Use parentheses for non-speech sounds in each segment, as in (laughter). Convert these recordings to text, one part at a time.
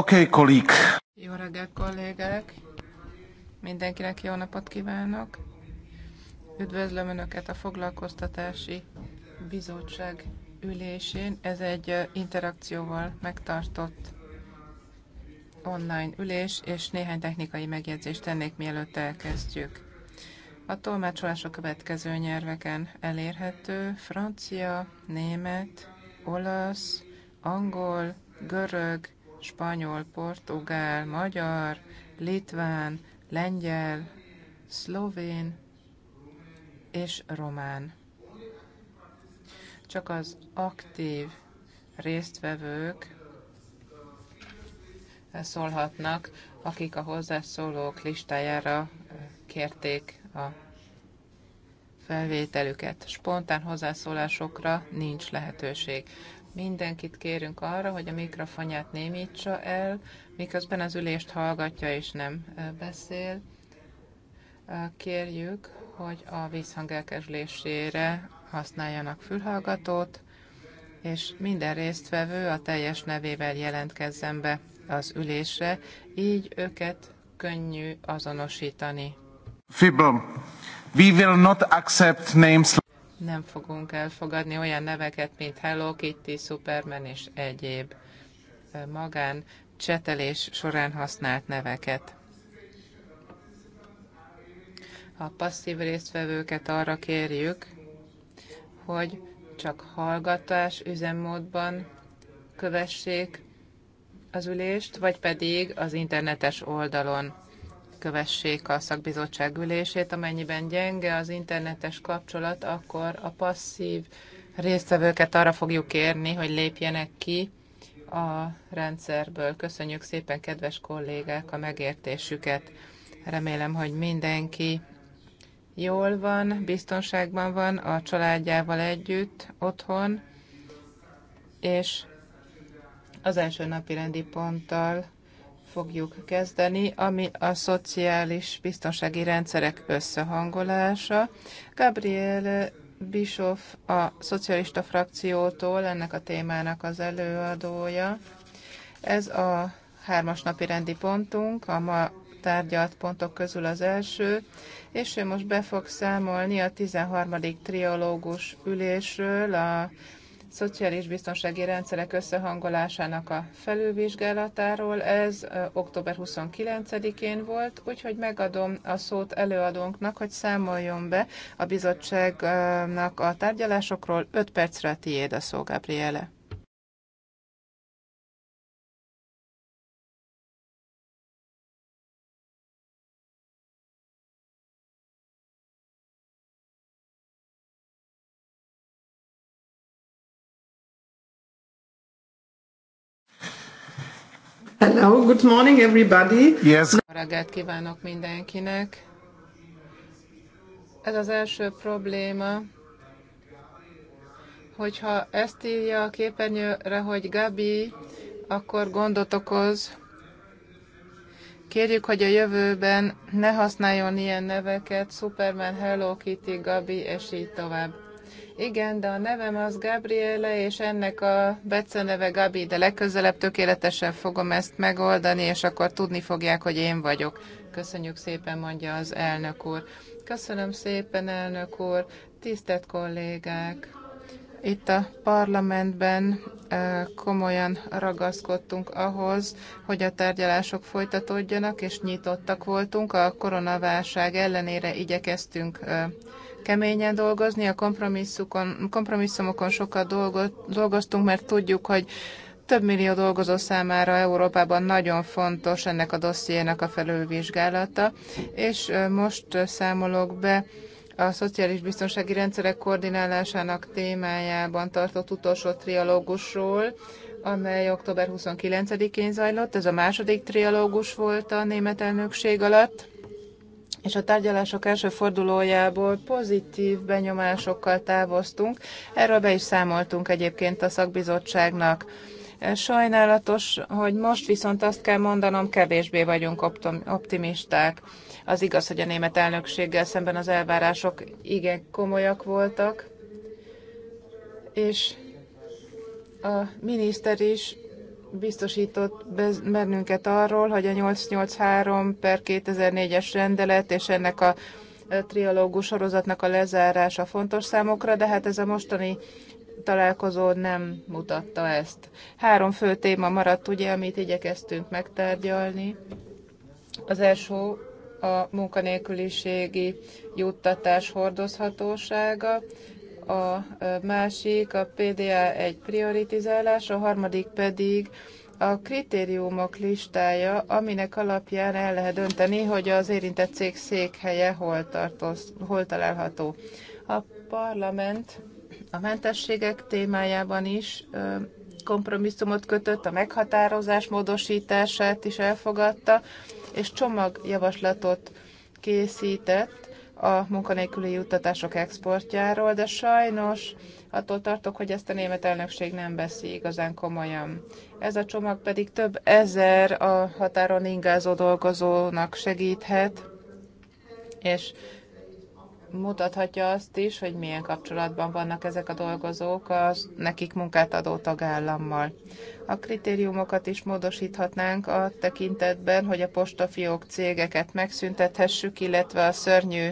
Oké, okay, kollég. Jó reggelt, kollégák! Mindenkinek jó napot kívánok! Üdvözlöm Önöket a Foglalkoztatási Bizottság ülésén. Ez egy interakcióval megtartott online ülés, és néhány technikai megjegyzést tennék, mielőtt elkezdjük. A tolmácsolás a következő nyelveken elérhető. Francia, német, olasz, angol, görög, spanyol, portugál, magyar, litván, lengyel, szlovén és román. Csak az aktív résztvevők szólhatnak, akik a hozzászólók listájára kérték a felvételüket. Spontán hozzászólásokra nincs lehetőség. Mindenkit kérünk arra, hogy a mikrofonját némítsa el, miközben az ülést hallgatja és nem beszél. Kérjük, hogy a vízhang elkerülésére használjanak fülhallgatót, és minden résztvevő a teljes nevével jelentkezzen be az ülésre, így őket könnyű azonosítani. Fibrom, we will not accept names nem fogunk elfogadni olyan neveket, mint Hello Kitty, Superman és egyéb magán csetelés során használt neveket. A passzív résztvevőket arra kérjük, hogy csak hallgatás üzemmódban kövessék az ülést, vagy pedig az internetes oldalon kövessék a szakbizottság ülését. Amennyiben gyenge az internetes kapcsolat, akkor a passzív résztvevőket arra fogjuk kérni, hogy lépjenek ki a rendszerből. Köszönjük szépen, kedves kollégák, a megértésüket. Remélem, hogy mindenki jól van, biztonságban van a családjával együtt, otthon, és az első napi rendi ponttal fogjuk kezdeni, ami a szociális biztonsági rendszerek összehangolása. Gabriel Bischoff a szocialista frakciótól ennek a témának az előadója. Ez a hármas napi rendi pontunk, a ma tárgyalt pontok közül az első, és ő most be fog számolni a 13. triológus ülésről, a szociális biztonsági rendszerek összehangolásának a felülvizsgálatáról. Ez október 29-én volt, úgyhogy megadom a szót előadónknak, hogy számoljon be a bizottságnak a tárgyalásokról. 5 percre tiéd a szó, Gabriele. Hello, good morning everybody. Yes. Reggelt kívánok mindenkinek. Ez az első probléma, hogyha ezt írja a képernyőre, hogy Gabi, akkor gondot okoz. Kérjük, hogy a jövőben ne használjon ilyen neveket, Superman, Hello Kitty, Gabi, és így tovább. Igen, de a nevem az Gabriele, és ennek a neve Gabi, de legközelebb tökéletesen fogom ezt megoldani, és akkor tudni fogják, hogy én vagyok. Köszönjük szépen, mondja az elnök úr. Köszönöm szépen, elnök úr. Tisztelt kollégák! Itt a parlamentben komolyan ragaszkodtunk ahhoz, hogy a tárgyalások folytatódjanak, és nyitottak voltunk. A koronaválság ellenére igyekeztünk keményen dolgozni, a kompromisszumokon sokat dolgoztunk, mert tudjuk, hogy több millió dolgozó számára Európában nagyon fontos ennek a dossziénak a felülvizsgálata, és most számolok be a szociális biztonsági rendszerek koordinálásának témájában tartott utolsó trialógusról, amely október 29-én zajlott. Ez a második trialógus volt a német elnökség alatt és a tárgyalások első fordulójából pozitív benyomásokkal távoztunk. Erről be is számoltunk egyébként a szakbizottságnak. Sajnálatos, hogy most viszont azt kell mondanom, kevésbé vagyunk optimisták. Az igaz, hogy a német elnökséggel szemben az elvárások igen komolyak voltak, és a miniszter is biztosított bennünket arról, hogy a 883 per 2004-es rendelet és ennek a trialógus sorozatnak a lezárása fontos számokra, de hát ez a mostani találkozó nem mutatta ezt. Három fő téma maradt, ugye, amit igyekeztünk megtárgyalni. Az első a munkanélküliségi juttatás hordozhatósága, a másik a PDA egy prioritizálás, a harmadik pedig a kritériumok listája, aminek alapján el lehet dönteni, hogy az érintett cég székhelye hol, tartoz, hol található. A parlament a mentességek témájában is kompromisszumot kötött, a meghatározás módosítását is elfogadta, és csomagjavaslatot készített a munkanélküli juttatások exportjáról, de sajnos attól tartok, hogy ezt a német elnökség nem veszi igazán komolyan. Ez a csomag pedig több ezer a határon ingázó dolgozónak segíthet, és mutathatja azt is, hogy milyen kapcsolatban vannak ezek a dolgozók az nekik munkát adó tagállammal. A kritériumokat is módosíthatnánk a tekintetben, hogy a postafiók cégeket megszüntethessük, illetve a szörnyű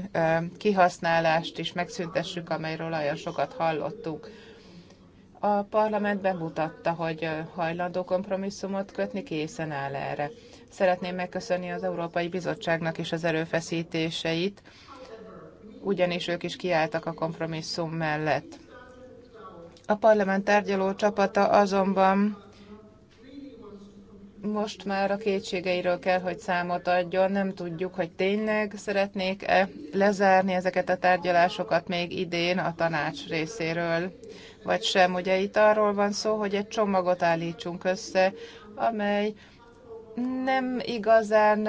kihasználást is megszüntessük, amelyről olyan sokat hallottuk. A parlament bemutatta, hogy hajlandó kompromisszumot kötni készen áll erre. Szeretném megköszönni az Európai Bizottságnak is az erőfeszítéseit, ugyanis ők is kiálltak a kompromisszum mellett. A parlament tárgyaló csapata azonban most már a kétségeiről kell, hogy számot adjon. Nem tudjuk, hogy tényleg szeretnék-e lezárni ezeket a tárgyalásokat még idén a tanács részéről, vagy sem. Ugye itt arról van szó, hogy egy csomagot állítsunk össze, amely nem igazán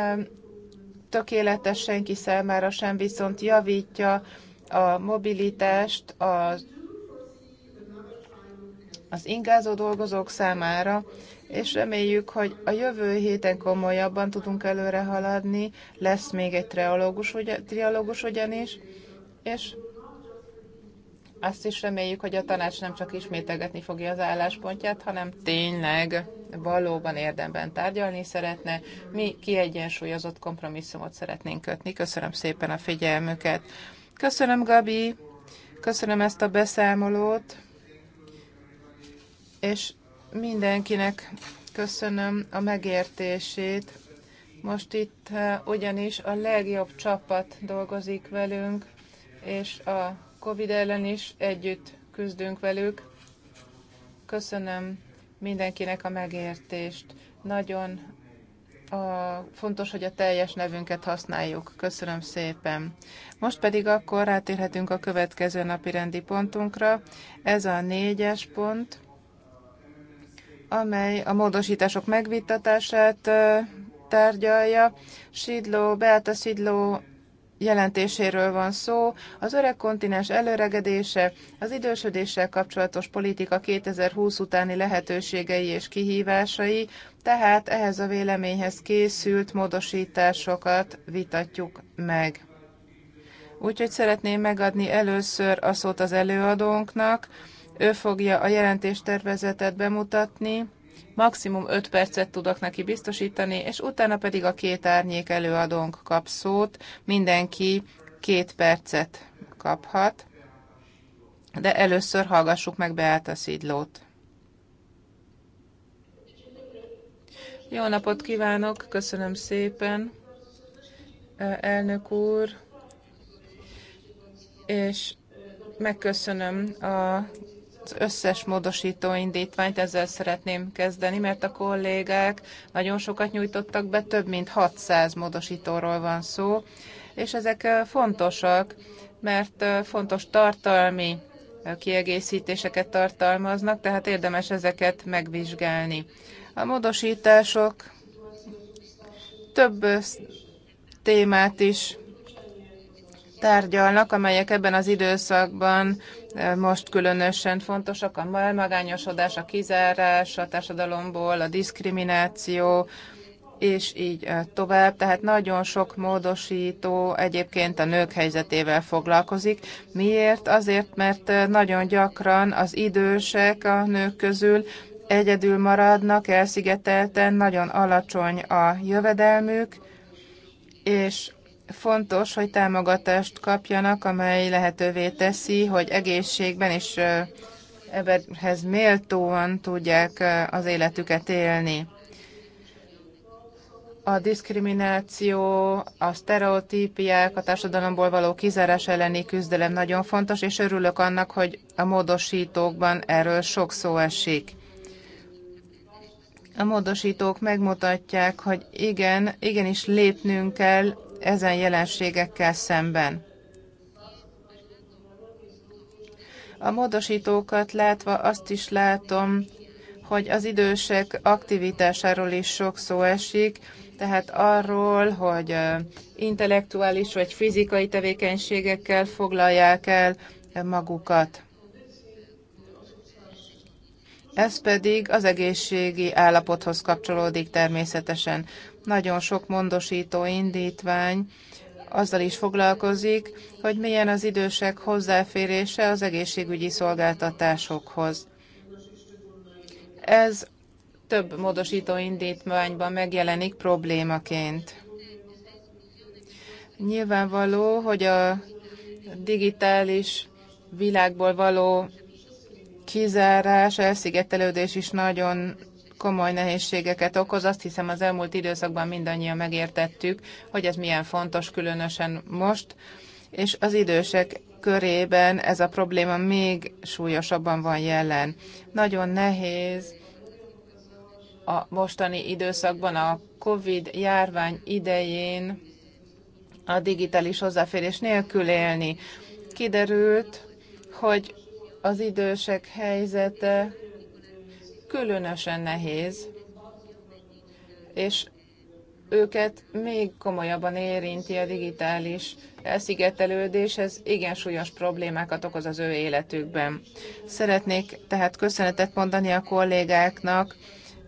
tökéletes senki számára sem, viszont javítja a mobilitást az, az ingázó dolgozók számára, és reméljük, hogy a jövő héten komolyabban tudunk előre haladni, lesz még egy trialógus, ugyanis, és azt is reméljük, hogy a tanács nem csak ismételgetni fogja az álláspontját, hanem tényleg valóban érdemben tárgyalni szeretne. Mi kiegyensúlyozott kompromisszumot szeretnénk kötni. Köszönöm szépen a figyelmüket. Köszönöm, Gabi. Köszönöm ezt a beszámolót. És mindenkinek köszönöm a megértését. Most itt eh, ugyanis a legjobb csapat dolgozik velünk, és a COVID ellen is együtt küzdünk velük. Köszönöm mindenkinek a megértést. Nagyon a, fontos, hogy a teljes nevünket használjuk. Köszönöm szépen. Most pedig akkor rátérhetünk a következő napi rendi pontunkra. Ez a négyes pont, amely a módosítások megvitatását tárgyalja. Sidló, Beáta Sidló jelentéséről van szó, az öreg kontinens előregedése, az idősödéssel kapcsolatos politika 2020 utáni lehetőségei és kihívásai, tehát ehhez a véleményhez készült módosításokat vitatjuk meg. Úgyhogy szeretném megadni először a szót az előadónknak, ő fogja a jelentéstervezetet bemutatni, maximum 5 percet tudok neki biztosítani, és utána pedig a két árnyék előadónk kap szót, mindenki két percet kaphat, de először hallgassuk meg Beáta Szidlót. Jó napot kívánok, köszönöm szépen, elnök úr, és megköszönöm a az összes módosító indítványt, ezzel szeretném kezdeni, mert a kollégák nagyon sokat nyújtottak be, több mint 600 módosítóról van szó, és ezek fontosak, mert fontos tartalmi kiegészítéseket tartalmaznak, tehát érdemes ezeket megvizsgálni. A módosítások több témát is tárgyalnak, amelyek ebben az időszakban e, most különösen fontosak, a magányosodás, a kizárás a társadalomból, a diszkrimináció, és így e, tovább. Tehát nagyon sok módosító egyébként a nők helyzetével foglalkozik. Miért? Azért, mert e, nagyon gyakran az idősek a nők közül egyedül maradnak, elszigetelten, nagyon alacsony a jövedelmük, és fontos, hogy támogatást kapjanak, amely lehetővé teszi, hogy egészségben és emberhez méltóan tudják az életüket élni. A diszkrimináció, a sztereotípiák, a társadalomból való kizárás elleni küzdelem nagyon fontos, és örülök annak, hogy a módosítókban erről sok szó esik. A módosítók megmutatják, hogy igen, igenis lépnünk kell ezen jelenségekkel szemben. A módosítókat látva azt is látom, hogy az idősek aktivitásáról is sok szó esik, tehát arról, hogy intellektuális vagy fizikai tevékenységekkel foglalják el magukat. Ez pedig az egészségi állapothoz kapcsolódik természetesen nagyon sok mondosító indítvány azzal is foglalkozik, hogy milyen az idősek hozzáférése az egészségügyi szolgáltatásokhoz. Ez több módosító indítványban megjelenik problémaként. Nyilvánvaló, hogy a digitális világból való kizárás, elszigetelődés is nagyon komoly nehézségeket okoz. Azt hiszem az elmúlt időszakban mindannyian megértettük, hogy ez milyen fontos, különösen most, és az idősek körében ez a probléma még súlyosabban van jelen. Nagyon nehéz a mostani időszakban, a COVID járvány idején a digitális hozzáférés nélkül élni. Kiderült, hogy az idősek helyzete különösen nehéz, és őket még komolyabban érinti a digitális elszigetelődés, ez igen súlyos problémákat okoz az ő életükben. Szeretnék tehát köszönetet mondani a kollégáknak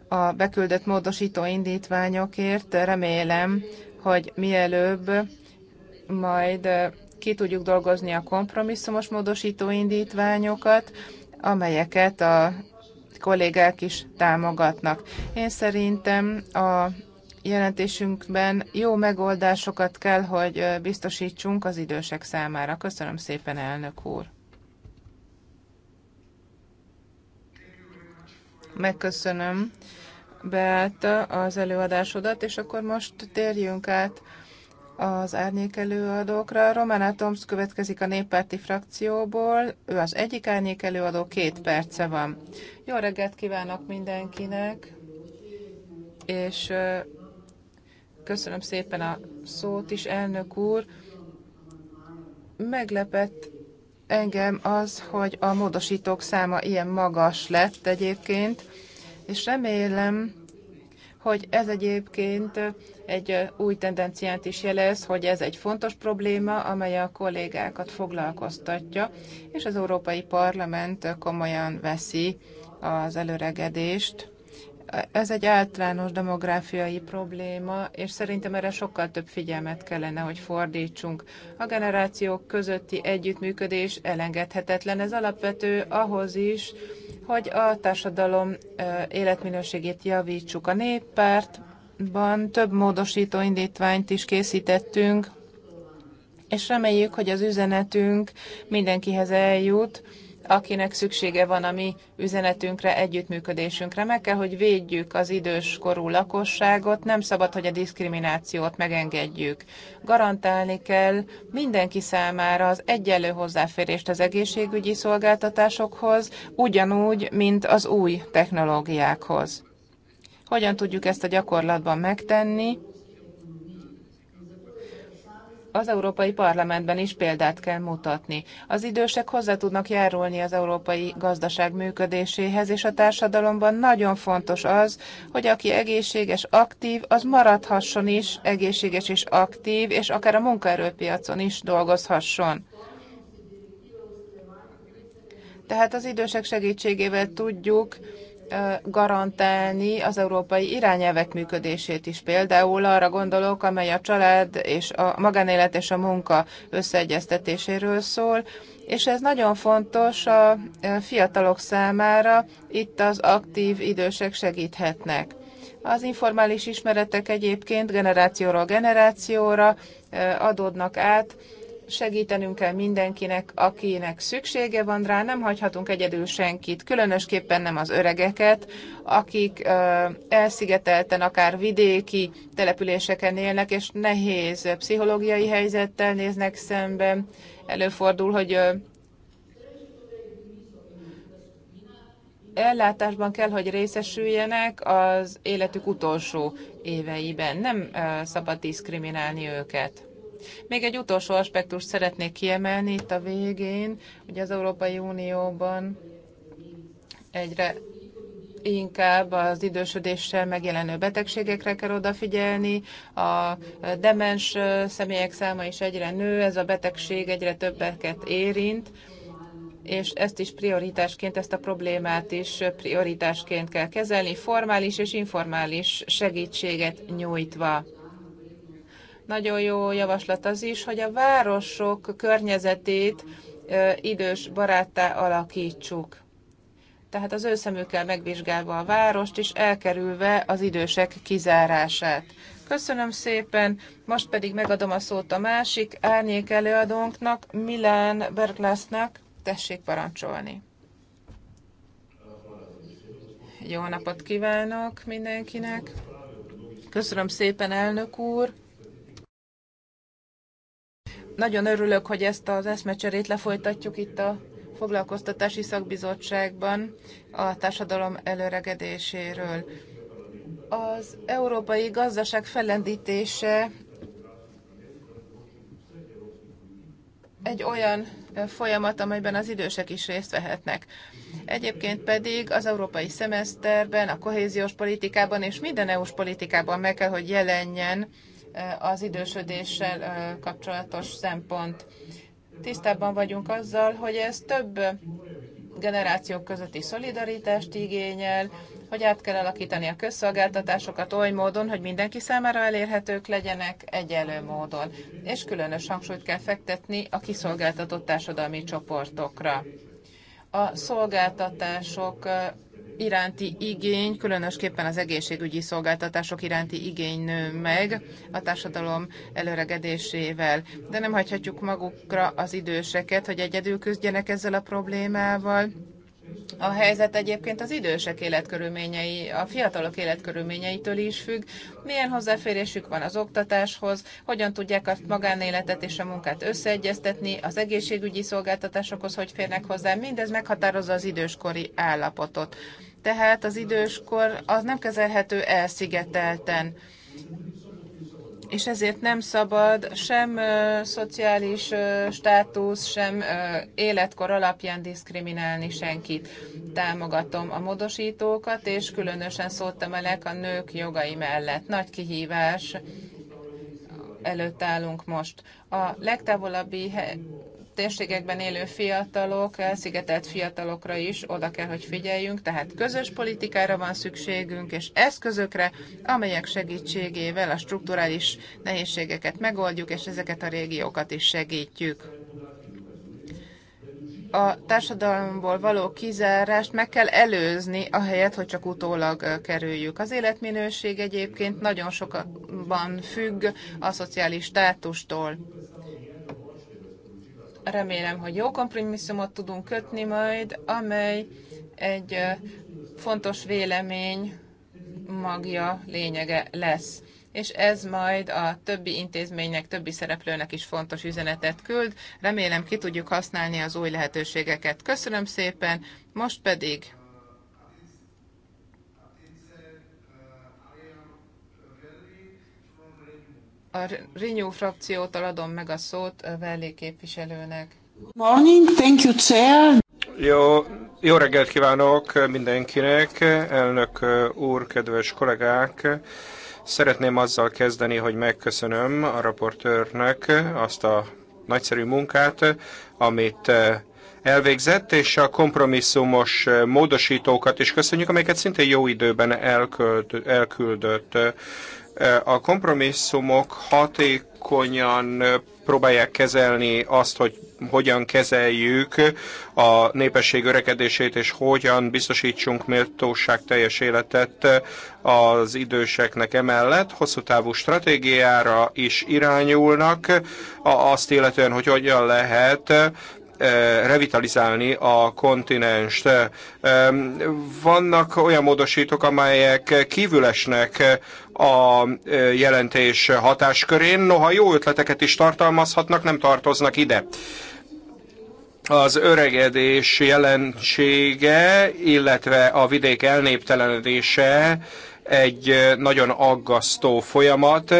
a beküldött módosító indítványokért. Remélem, hogy mielőbb majd ki tudjuk dolgozni a kompromisszumos módosító indítványokat, amelyeket a kollégák is támogatnak. Én szerintem a jelentésünkben jó megoldásokat kell, hogy biztosítsunk az idősek számára. Köszönöm szépen, elnök úr! Megköszönöm, Beáta, az előadásodat, és akkor most térjünk át az árnyék előadókra. Román Atomsz következik a néppárti frakcióból, ő az egyik árnyék előadó, két perce van. Jó reggelt kívánok mindenkinek, és köszönöm szépen a szót is, elnök úr. Meglepett engem az, hogy a módosítók száma ilyen magas lett egyébként, és remélem, hogy ez egyébként egy új tendenciát is jelez, hogy ez egy fontos probléma, amely a kollégákat foglalkoztatja, és az Európai Parlament komolyan veszi az előregedést. Ez egy általános demográfiai probléma, és szerintem erre sokkal több figyelmet kellene, hogy fordítsunk. A generációk közötti együttműködés elengedhetetlen, ez alapvető ahhoz is, hogy a társadalom életminőségét javítsuk. A néppárt kapcsolatban több módosító indítványt is készítettünk, és reméljük, hogy az üzenetünk mindenkihez eljut, akinek szüksége van a mi üzenetünkre, együttműködésünkre. Meg kell, hogy védjük az időskorú lakosságot, nem szabad, hogy a diszkriminációt megengedjük. Garantálni kell mindenki számára az egyenlő hozzáférést az egészségügyi szolgáltatásokhoz, ugyanúgy, mint az új technológiákhoz. Hogyan tudjuk ezt a gyakorlatban megtenni? az Európai Parlamentben is példát kell mutatni. Az idősek hozzá tudnak járulni az európai gazdaság működéséhez, és a társadalomban nagyon fontos az, hogy aki egészséges, aktív, az maradhasson is egészséges és aktív, és akár a munkaerőpiacon is dolgozhasson. Tehát az idősek segítségével tudjuk, garantálni az európai irányelvek működését is. Például arra gondolok, amely a család és a magánélet és a munka összeegyeztetéséről szól, és ez nagyon fontos a fiatalok számára, itt az aktív idősek segíthetnek. Az informális ismeretek egyébként generációról generációra adódnak át, segítenünk kell mindenkinek, akinek szüksége van rá, nem hagyhatunk egyedül senkit, különösképpen nem az öregeket, akik elszigetelten, akár vidéki településeken élnek, és nehéz pszichológiai helyzettel néznek szembe. Előfordul, hogy ellátásban kell, hogy részesüljenek az életük utolsó éveiben. Nem szabad diszkriminálni őket. Még egy utolsó aspektust szeretnék kiemelni itt a végén, hogy az Európai Unióban egyre inkább az idősödéssel megjelenő betegségekre kell odafigyelni. A demens személyek száma is egyre nő, ez a betegség egyre többeket érint, és ezt is prioritásként, ezt a problémát is prioritásként kell kezelni, formális és informális segítséget nyújtva. Nagyon jó javaslat az is, hogy a városok környezetét idős baráttá alakítsuk. Tehát az ő szemükkel megvizsgálva a várost, és elkerülve az idősek kizárását. Köszönöm szépen, most pedig megadom a szót a másik árnyék előadónknak, Milán Berglásznak. Tessék parancsolni. Jó napot kívánok mindenkinek! Köszönöm szépen, elnök úr! Nagyon örülök, hogy ezt az eszmecserét lefolytatjuk itt a foglalkoztatási szakbizottságban a társadalom előregedéséről. Az európai gazdaság fellendítése egy olyan folyamat, amelyben az idősek is részt vehetnek. Egyébként pedig az európai szemeszterben, a kohéziós politikában és minden EU-s politikában meg kell, hogy jelenjen az idősödéssel kapcsolatos szempont. Tisztában vagyunk azzal, hogy ez több generációk közötti szolidaritást igényel, hogy át kell alakítani a közszolgáltatásokat oly módon, hogy mindenki számára elérhetők legyenek egyenlő módon, és különös hangsúlyt kell fektetni a kiszolgáltatott társadalmi csoportokra. A szolgáltatások iránti igény, különösképpen az egészségügyi szolgáltatások iránti igény nő meg a társadalom előregedésével. De nem hagyhatjuk magukra az időseket, hogy egyedül küzdjenek ezzel a problémával a helyzet egyébként az idősek életkörülményei, a fiatalok életkörülményeitől is függ, milyen hozzáférésük van az oktatáshoz, hogyan tudják a magánéletet és a munkát összeegyeztetni, az egészségügyi szolgáltatásokhoz hogy férnek hozzá, mindez meghatározza az időskori állapotot. Tehát az időskor az nem kezelhető elszigetelten és ezért nem szabad sem ö, szociális ö, státusz, sem ö, életkor alapján diszkriminálni senkit. Támogatom a módosítókat, és különösen szóltam elek a nők jogai mellett. Nagy kihívás előtt állunk most. A legtávolabbi térségekben élő fiatalok, elszigetelt fiatalokra is oda kell, hogy figyeljünk, tehát közös politikára van szükségünk, és eszközökre, amelyek segítségével a strukturális nehézségeket megoldjuk, és ezeket a régiókat is segítjük a társadalomból való kizárást meg kell előzni, ahelyett, hogy csak utólag kerüljük. Az életminőség egyébként nagyon sokban függ a szociális státustól. Remélem, hogy jó kompromisszumot tudunk kötni majd, amely egy fontos vélemény magja, lényege lesz és ez majd a többi intézménynek, többi szereplőnek is fontos üzenetet küld. Remélem ki tudjuk használni az új lehetőségeket. Köszönöm szépen, most pedig A Renew frakciótól adom meg a szót a Velli képviselőnek. Morning, thank you, Chair. Jó, jó reggelt kívánok mindenkinek, elnök úr, kedves kollégák! Szeretném azzal kezdeni, hogy megköszönöm a raportőrnek azt a nagyszerű munkát, amit elvégzett, és a kompromisszumos módosítókat is köszönjük, amelyeket szintén jó időben elköld, elküldött a kompromisszumok hatékonyan próbálják kezelni azt, hogy hogyan kezeljük a népesség örekedését, és hogyan biztosítsunk méltóság teljes életet az időseknek emellett. Hosszú távú stratégiára is irányulnak, azt illetően, hogy hogyan lehet e, revitalizálni a kontinenst. E, vannak olyan módosítók, amelyek kívülesnek a jelentés hatáskörén, noha jó ötleteket is tartalmazhatnak, nem tartoznak ide az öregedés jelensége, illetve a vidék elnéptelenedése egy nagyon aggasztó folyamat,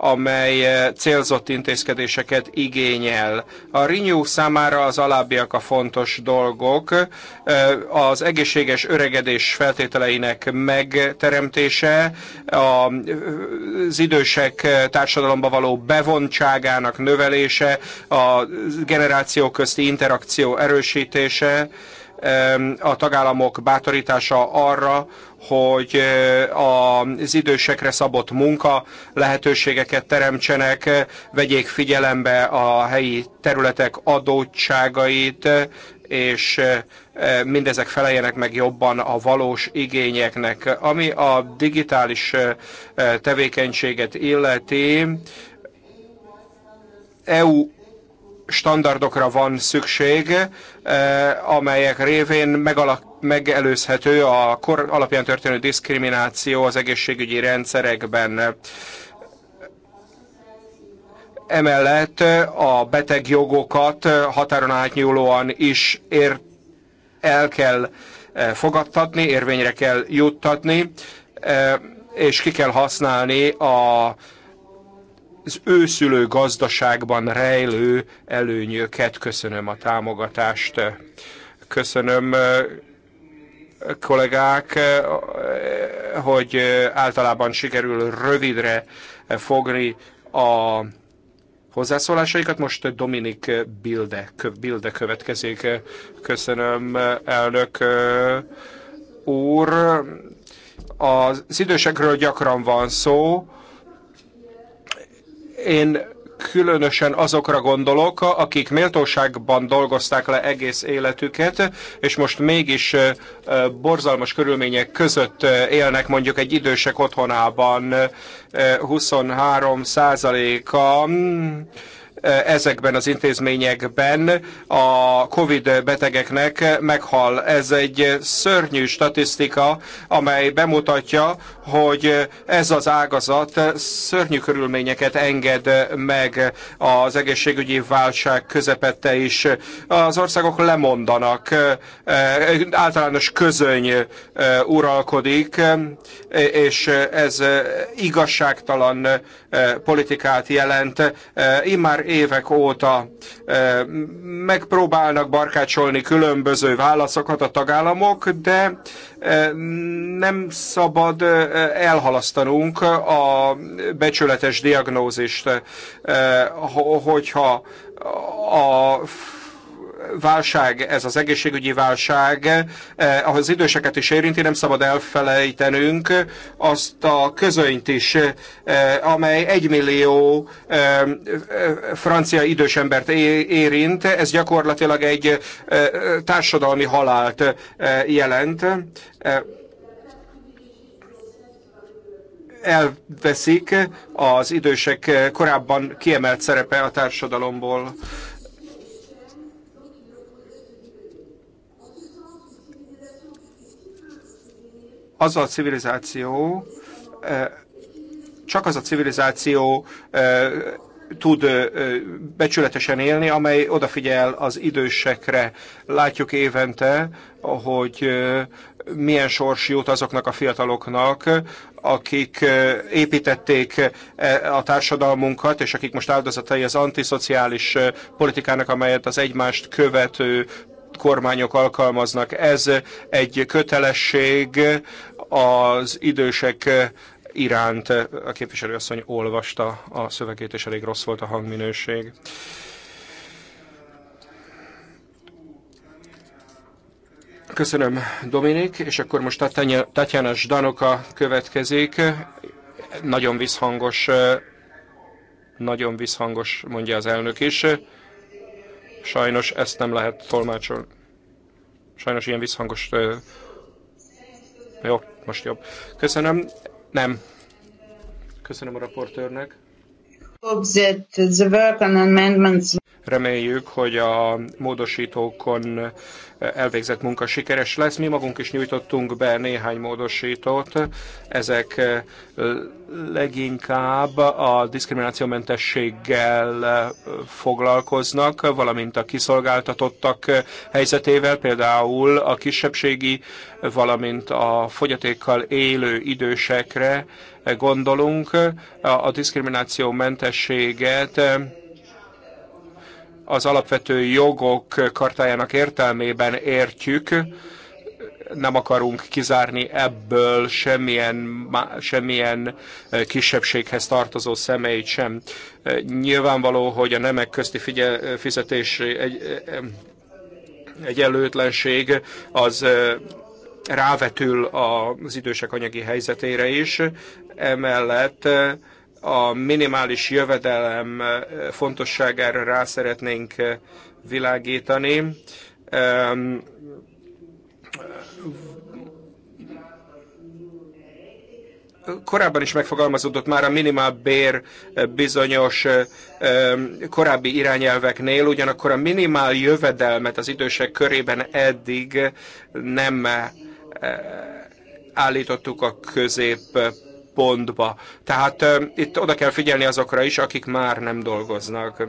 amely eh, célzott intézkedéseket igényel. A Renew számára az alábbiak a fontos dolgok, eh, az egészséges öregedés feltételeinek megteremtése, eh, az idősek társadalomba való bevontságának növelése, a generáció közti interakció erősítése, a tagállamok bátorítása arra, hogy eh, az idősekre szabott munka lehetőségeket teremtsenek, eh, vegyék figyelembe a helyi területek adottságait, eh, és mindezek feleljenek meg jobban a valós igényeknek. Ami a digitális tevékenységet illeti, EU standardokra van szükség, amelyek révén megalak megelőzhető a kor alapján történő diszkrimináció az egészségügyi rendszerekben. Emellett a beteg jogokat határon átnyúlóan is ér, el kell e, fogadtatni, érvényre kell juttatni, e, és ki kell használni a az őszülő gazdaságban rejlő előnyöket. Köszönöm a támogatást. Köszönöm e, kollégák, eh, hogy eh, általában sikerül rövidre eh, fogni a hozzászólásaikat. Most Dominik Bilde, Bilde következik. Köszönöm, elnök úr. Az idősekről gyakran van szó. Én különösen azokra gondolok, akik méltóságban dolgozták le egész életüket, és most mégis borzalmas körülmények között élnek mondjuk egy idősek otthonában 23 százaléka mm, ezekben az intézményekben a Covid betegeknek meghal. Ez egy szörnyű statisztika, amely bemutatja, hogy ez az ágazat szörnyű körülményeket enged meg az egészségügyi válság közepette is. Az országok lemondanak, általános közöny uralkodik, és ez igazságtalan politikát jelent. Immár évek óta e, megpróbálnak barkácsolni különböző válaszokat a tagállamok, de e, nem szabad e, elhalasztanunk a becsületes diagnózist, hogyha a válság, ez az egészségügyi válság, eh, az időseket is érinti, nem szabad elfelejtenünk azt a közönyt is, eh, amely egymillió eh, francia idős embert érint. Ez gyakorlatilag egy társadalmi halált jelent. Elveszik az idősek korábban kiemelt szerepe a társadalomból. az a civilizáció, csak az a civilizáció tud becsületesen élni, amely odafigyel az idősekre. Látjuk évente, hogy milyen sors jut azoknak a fiataloknak, akik építették a társadalmunkat, és akik most áldozatai az antiszociális politikának, amelyet az egymást követő kormányok alkalmaznak. Ez egy kötelesség az idősek iránt. A képviselőasszony olvasta a szövegét, és elég rossz volt a hangminőség. Köszönöm, Dominik, és akkor most Tatjana Zsdanoka következik. Nagyon visszhangos, nagyon visszhangos, mondja az elnök is. Sajnos ezt nem lehet tolmácsolni. Sajnos ilyen visszhangos... Jó, most jobb. Köszönöm. Nem. Köszönöm a raportőrnek. Hope that the work on amendments Reméljük, hogy a módosítókon eh, elvégzett munka sikeres lesz. Mi magunk is nyújtottunk be néhány módosítót. Ezek eh, leginkább a diszkriminációmentességgel eh, foglalkoznak, valamint a kiszolgáltatottak helyzetével, például a kisebbségi, valamint a fogyatékkal élő idősekre gondolunk. A diszkriminációmentességet mentességet az alapvető jogok kartájának értelmében értjük, nem akarunk kizárni ebből semmilyen, semmilyen eh, kisebbséghez tartozó személyt sem. Eh, nyilvánvaló, hogy a nemek közti figyel, fizetés egy, eh, egyenlőtlenség az rávetül az idősek anyagi helyzetére is. Emellett a minimális jövedelem fontosságára rá szeretnénk világítani. korábban is megfogalmazódott már a minimálbér bizonyos korábbi irányelveknél, ugyanakkor a minimál jövedelmet az idősek körében eddig nem állítottuk a közép központba. Tehát itt oda kell figyelni azokra is, akik már nem dolgoznak.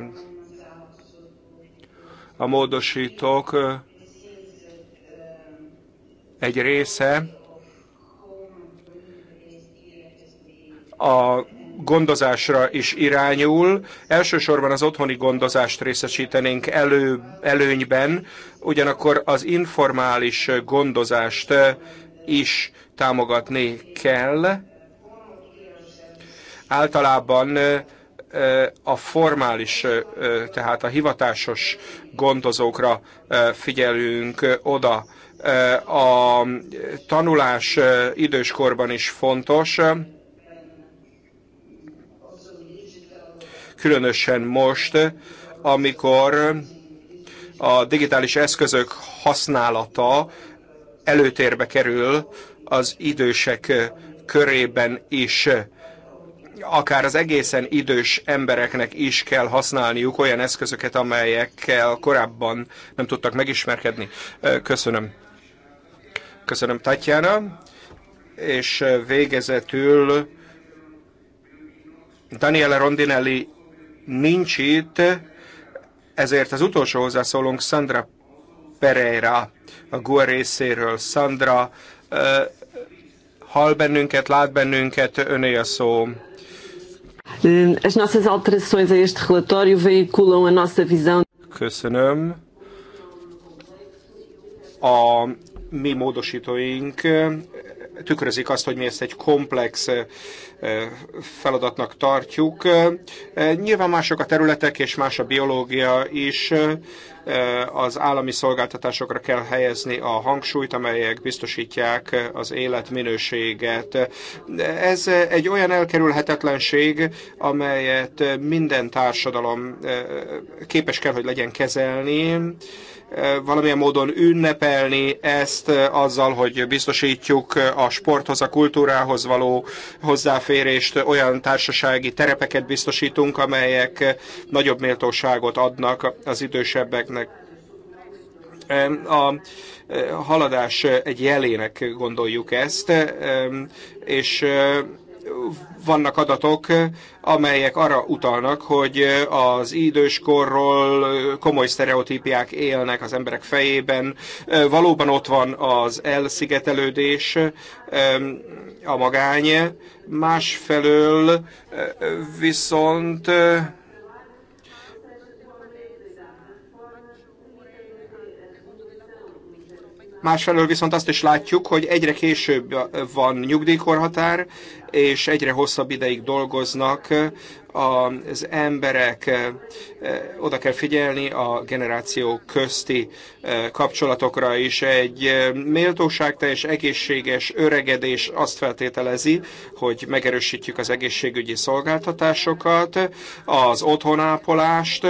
A módosítók egy része a gondozásra is irányul. Elsősorban az otthoni gondozást részesítenénk elő, előnyben, ugyanakkor az informális gondozást is támogatni kell általában a formális, tehát a hivatásos gondozókra figyelünk oda. A tanulás időskorban is fontos, különösen most, amikor a digitális eszközök használata előtérbe kerül az idősek körében is akár az egészen idős embereknek is kell használniuk olyan eszközöket, amelyekkel korábban nem tudtak megismerkedni. Köszönöm. Köszönöm, Tatjana. És végezetül Daniele Rondinelli nincs itt, ezért az utolsó hozzászólónk Sandra Pereira a GUA részéről. Sandra, hall bennünket, lát bennünket, öné a szó. Eh, as nossas alterações a este relatório veiculam a nossa visão. Köszönöm. A mi módosítóink tükrözik azt, hogy mi ezt egy komplex feladatnak tartjuk. Nyilván mások a területek és más a biológia is. Az állami szolgáltatásokra kell helyezni a hangsúlyt, amelyek biztosítják az életminőséget. Ez egy olyan elkerülhetetlenség, amelyet minden társadalom képes kell, hogy legyen kezelni valamilyen módon ünnepelni ezt azzal, hogy biztosítjuk a sporthoz, a kultúrához való hozzáférést, olyan társasági terepeket biztosítunk, amelyek nagyobb méltóságot adnak az idősebbeknek. A haladás egy jelének gondoljuk ezt, és vannak adatok, amelyek arra utalnak, hogy az időskorról komoly sztereotípiák élnek az emberek fejében. Valóban ott van az elszigetelődés, a magány, másfelől viszont Másfelől viszont azt is látjuk, hogy egyre később van nyugdíjkorhatár, és egyre hosszabb ideig dolgoznak az emberek. Oda kell figyelni a generáció közti kapcsolatokra is. Egy méltóságteljes, egészséges öregedés azt feltételezi, hogy megerősítjük az egészségügyi szolgáltatásokat, az otthonápolást,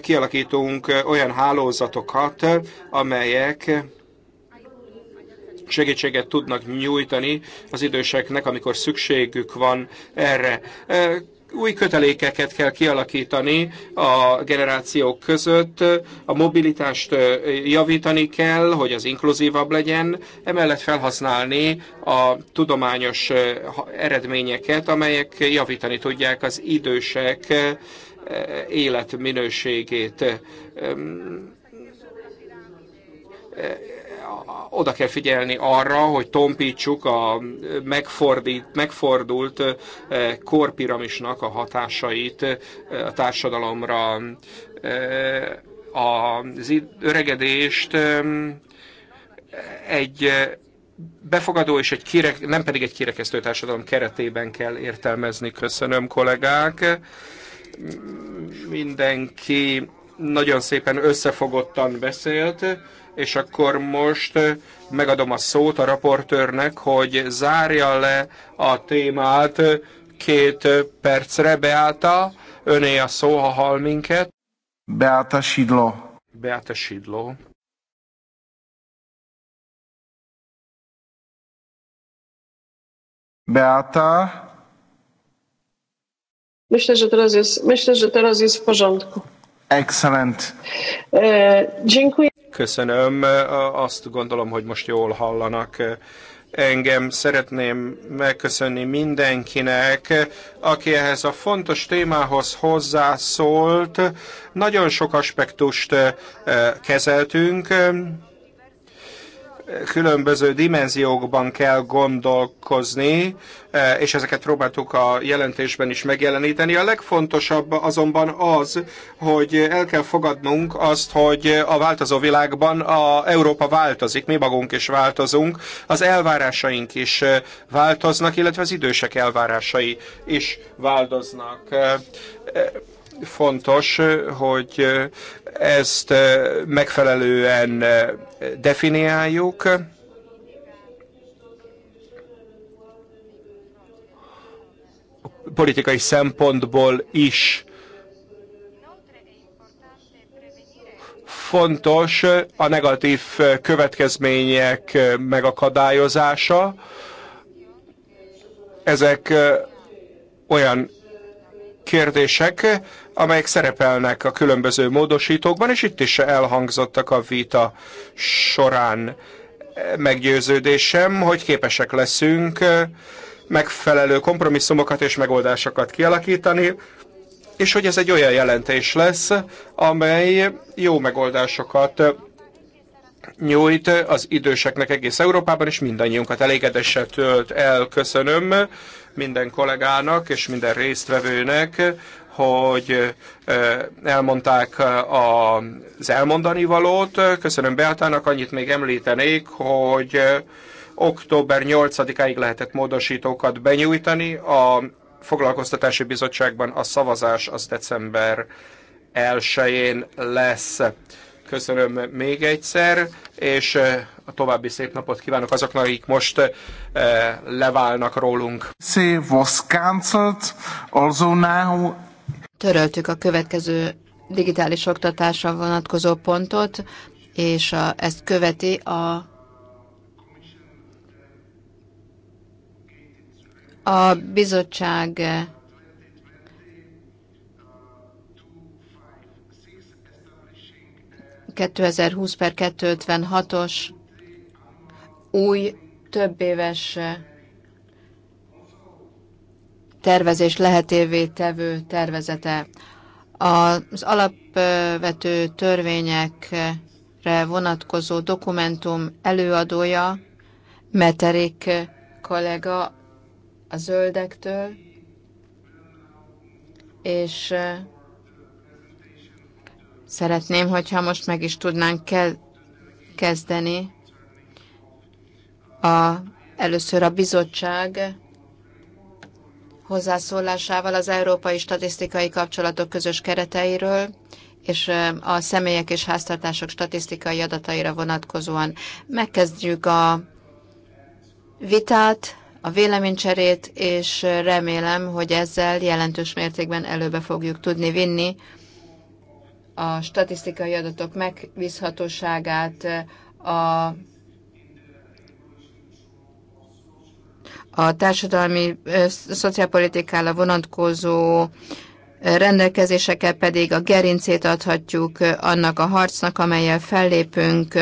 kialakítunk olyan hálózatokat, amelyek segítséget tudnak nyújtani az időseknek, amikor szükségük van erre új kötelékeket kell kialakítani a generációk között, a mobilitást javítani kell, hogy az inkluzívabb legyen, emellett felhasználni a tudományos eredményeket, amelyek javítani tudják az idősek életminőségét oda kell figyelni arra, hogy tompítsuk a megfordít, megfordult korpiramisnak a hatásait a társadalomra. Az öregedést egy befogadó és egy kirek, nem pedig egy kirekesztő társadalom keretében kell értelmezni. Köszönöm, kollégák. Mindenki nagyon szépen összefogottan beszélt és akkor most eh, megadom a szót a raportőrnek, hogy zárja le a témát eh, két eh, percre. Beáta, öné a szó, ha hall minket. Beáta Sidló. Beáta Sidló. Beáta. Myślę, że teraz jest, myślę, że teraz jest w porządku. Excellent. Dziękuję. Köszönöm. Azt gondolom, hogy most jól hallanak engem szeretném megköszönni mindenkinek, aki ehhez a fontos témához hozzászólt. Nagyon sok aspektust kezeltünk különböző dimenziókban kell gondolkozni, e, és ezeket próbáltuk a jelentésben is megjeleníteni. A legfontosabb azonban az, hogy el kell fogadnunk azt, hogy a változó világban a Európa változik, mi magunk is változunk, az elvárásaink is változnak, illetve az idősek elvárásai is változnak e, e, fontos, hogy ezt eh, megfelelően eh, definiáljuk. Politikai szempontból is fontos eh, a negatív következmények megakadályozása. Ezek olyan kérdések, amelyek szerepelnek a különböző módosítókban, és itt is elhangzottak a vita során meggyőződésem, hogy képesek leszünk megfelelő kompromisszumokat és megoldásokat kialakítani, és hogy ez egy olyan jelentés lesz, amely jó megoldásokat nyújt az időseknek egész Európában, és mindannyiunkat elégedéssel tölt el. Köszönöm minden kollégának és minden résztvevőnek hogy elmondták az elmondani valót. Köszönöm Beátának, annyit még említenék, hogy október 8-áig lehetett módosítókat benyújtani. A foglalkoztatási bizottságban a szavazás az december 1-én lesz. Köszönöm még egyszer, és a további szép napot kívánok azoknak, akik most leválnak rólunk. was cancelled, also now töröltük a következő digitális oktatásra vonatkozó pontot, és a, ezt követi a a bizottság ...2020 per 256-os új többéves éves tervezés lehetévé tevő tervezete. Az alapvető törvényekre vonatkozó dokumentum előadója Meterik kollega a zöldektől, és szeretném, hogyha most meg is tudnánk kezdeni a, először a bizottság hozzászólásával az Európai Statisztikai Kapcsolatok közös kereteiről és a személyek és háztartások statisztikai adataira vonatkozóan. Megkezdjük a vitát, a véleménycserét, és remélem, hogy ezzel jelentős mértékben előbe fogjuk tudni vinni a statisztikai adatok megbízhatóságát, a a társadalmi szociálpolitikára vonatkozó rendelkezésekkel pedig a gerincét adhatjuk annak a harcnak, amelyel fellépünk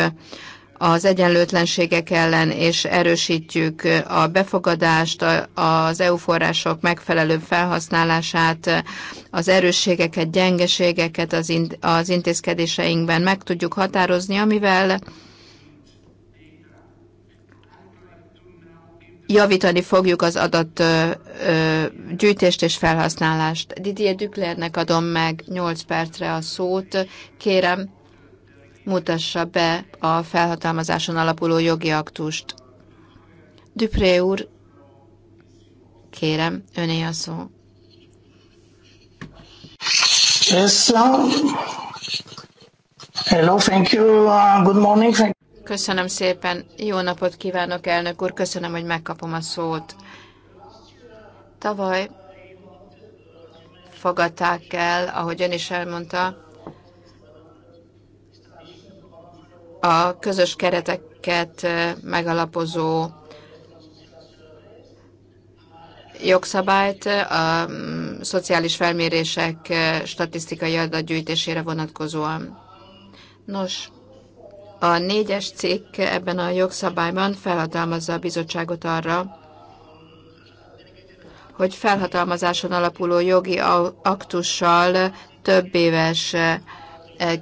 az egyenlőtlenségek ellen, és erősítjük a befogadást, az EU források megfelelő felhasználását, az erősségeket, gyengeségeket az, az intézkedéseinkben meg tudjuk határozni, amivel javítani fogjuk az adat gyűjtést és felhasználást. Didier Düklernek adom meg 8 percre a szót. Kérem, mutassa be a felhatalmazáson alapuló jogi aktust. Dupré úr, kérem, öné a szó. Yes, uh, hello, thank you, uh, good morning, thank Köszönöm szépen, jó napot kívánok, elnök úr, köszönöm, hogy megkapom a szót. Tavaly fogadták el, ahogy ön is elmondta, a közös kereteket megalapozó jogszabályt a szociális felmérések statisztikai adatgyűjtésére vonatkozóan. Nos, a négyes cikk ebben a jogszabályban felhatalmazza a bizottságot arra, hogy felhatalmazáson alapuló jogi aktussal több éves eh,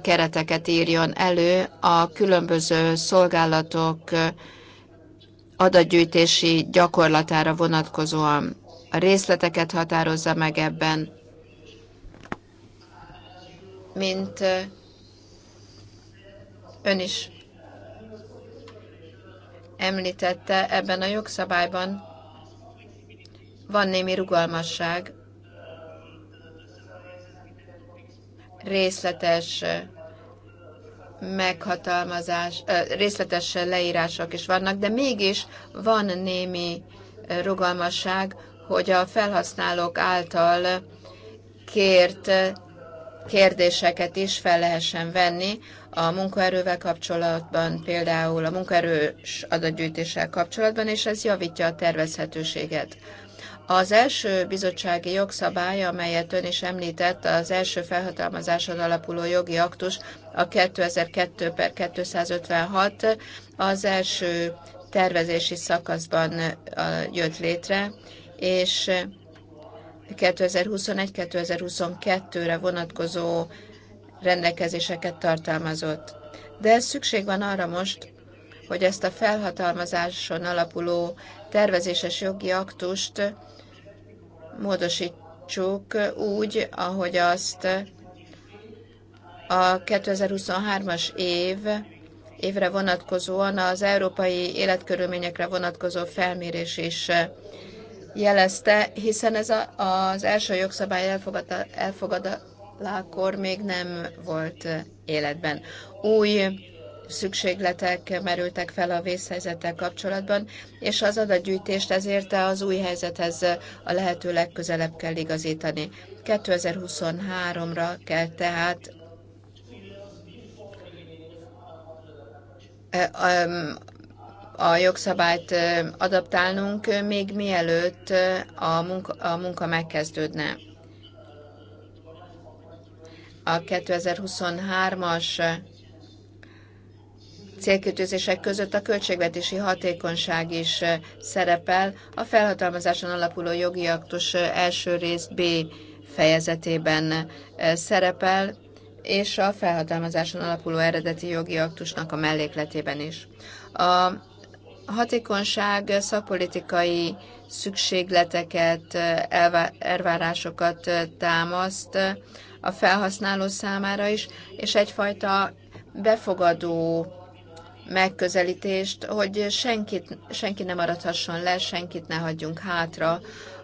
kereteket írjon elő a különböző szolgálatok eh, adatgyűjtési gyakorlatára vonatkozóan. A részleteket határozza meg ebben, mint eh, ön is említette, ebben a jogszabályban van némi rugalmasság, részletes meghatalmazás, részletes leírások is vannak, de mégis van némi rugalmasság, hogy a felhasználók által kért kérdéseket is fel lehessen venni, a munkaerővel kapcsolatban, például a munkaerős adatgyűjtéssel kapcsolatban, és ez javítja a tervezhetőséget. Az első bizottsági jogszabály, amelyet ön is említett, az első felhatalmazáson alapuló jogi aktus, a 2002 per 256 az első tervezési szakaszban jött létre, és 2021-2022-re vonatkozó rendelkezéseket tartalmazott. De ez szükség van arra most, hogy ezt a felhatalmazáson alapuló tervezéses jogi aktust módosítsuk úgy, ahogy azt a 2023-as év évre vonatkozóan az európai életkörülményekre vonatkozó felmérés is jelezte, hiszen ez a, az első jogszabály elfogadta elfogadta akkor még nem volt eh, életben. Új szükségletek merültek fel a vészhelyzettel kapcsolatban, és az adatgyűjtést ezért az új helyzethez eh, a lehető legközelebb kell igazítani. 2023-ra kell tehát eh, a jogszabályt adaptálnunk, még mielőtt a munka, a munka megkezdődne a 2023-as célkötőzések között a költségvetési hatékonyság is szerepel a felhatalmazáson alapuló jogi aktus első rész B fejezetében szerepel, és a felhatalmazáson alapuló eredeti jogi aktusnak a mellékletében is. A hatékonyság szakpolitikai szükségleteket, elvárásokat támaszt a felhasználó számára is, és egyfajta befogadó megközelítést, hogy senkit, senki ne maradhasson le, senkit ne hagyjunk hátra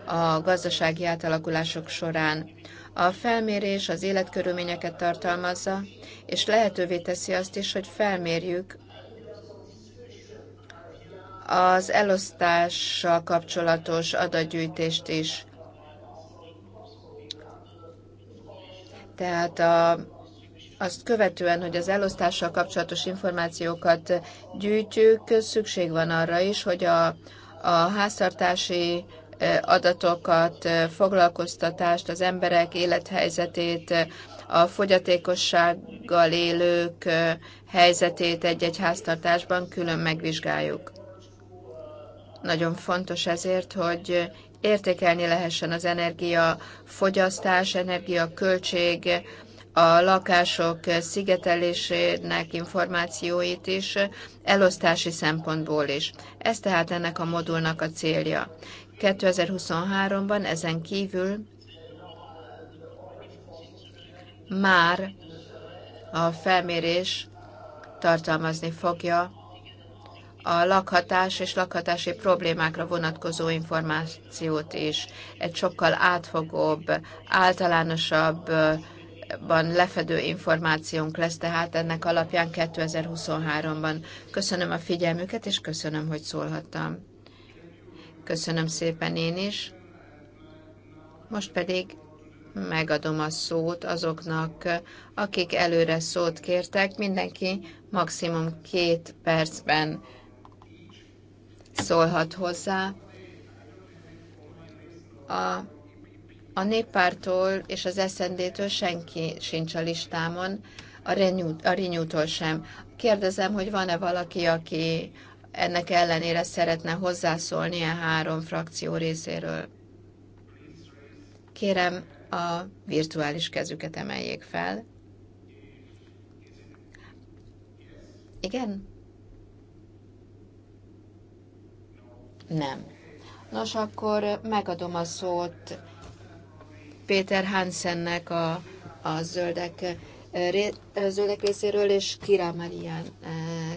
a gazdasági átalakulások során. A felmérés az életkörülményeket tartalmazza, és lehetővé teszi azt is, hogy felmérjük az elosztással kapcsolatos adatgyűjtést is. Tehát a, azt követően, hogy az elosztással kapcsolatos információkat gyűjtjük, szükség van arra is, hogy a, a háztartási e, adatokat, e, foglalkoztatást, az emberek élethelyzetét, a fogyatékossággal élők e, helyzetét egy-egy háztartásban külön megvizsgáljuk. Nagyon fontos ezért, hogy értékelni lehessen az energiafogyasztás, energiaköltség, a lakások szigetelésének információit is, elosztási szempontból is. Ez tehát ennek a modulnak a célja. 2023-ban ezen kívül már a felmérés tartalmazni fogja a lakhatás és lakhatási problémákra vonatkozó információt is. Egy sokkal átfogóbb, általánosabb, lefedő információnk lesz, tehát ennek alapján 2023-ban. Köszönöm a figyelmüket, és köszönöm, hogy szólhattam. Köszönöm szépen én is. Most pedig megadom a szót azoknak, akik előre szót kértek. Mindenki maximum két percben szólhat hozzá. A, a néppártól és az SZND-től senki sincs a listámon, a Renew-tól Renew sem. Kérdezem, hogy van-e valaki, aki ennek ellenére szeretne hozzászólni a e három frakció részéről. Kérem, a virtuális kezüket emeljék fel. Igen? Nem. Nos, akkor megadom a szót Péter Hansennek a, a zöldek, ré, a zöldek részéről, és Kira Marian,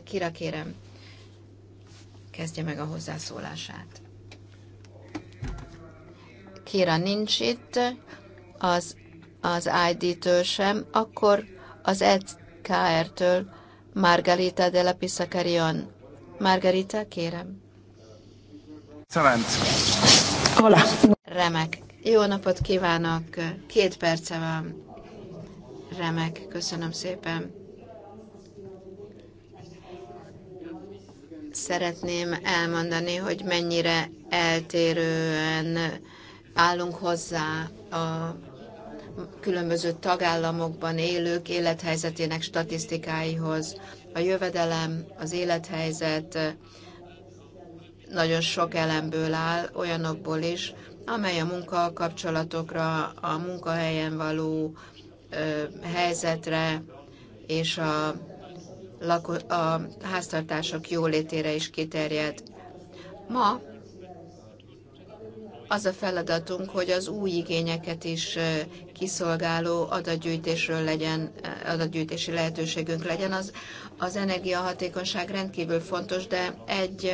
Kira kérem, kezdje meg a hozzászólását. Kira nincs itt, az, az ID-től sem, akkor az EKR-től Margarita de la Pisacarion. Margarita, kérem. Excellent. Hola. Remek. Jó napot kívánok. Két perce van. Remek. Köszönöm szépen. Szeretném elmondani, hogy mennyire eltérően állunk hozzá a különböző tagállamokban élők élethelyzetének statisztikáihoz. A jövedelem, az élethelyzet, nagyon sok elemből áll, olyanokból is, amely a munkakapcsolatokra, a munkahelyen való ö, helyzetre és a, lako, a háztartások jólétére is kiterjed. Ma az a feladatunk, hogy az új igényeket is kiszolgáló adatgyűjtésről legyen, adatgyűjtési lehetőségünk legyen. Az, az energiahatékonyság rendkívül fontos, de egy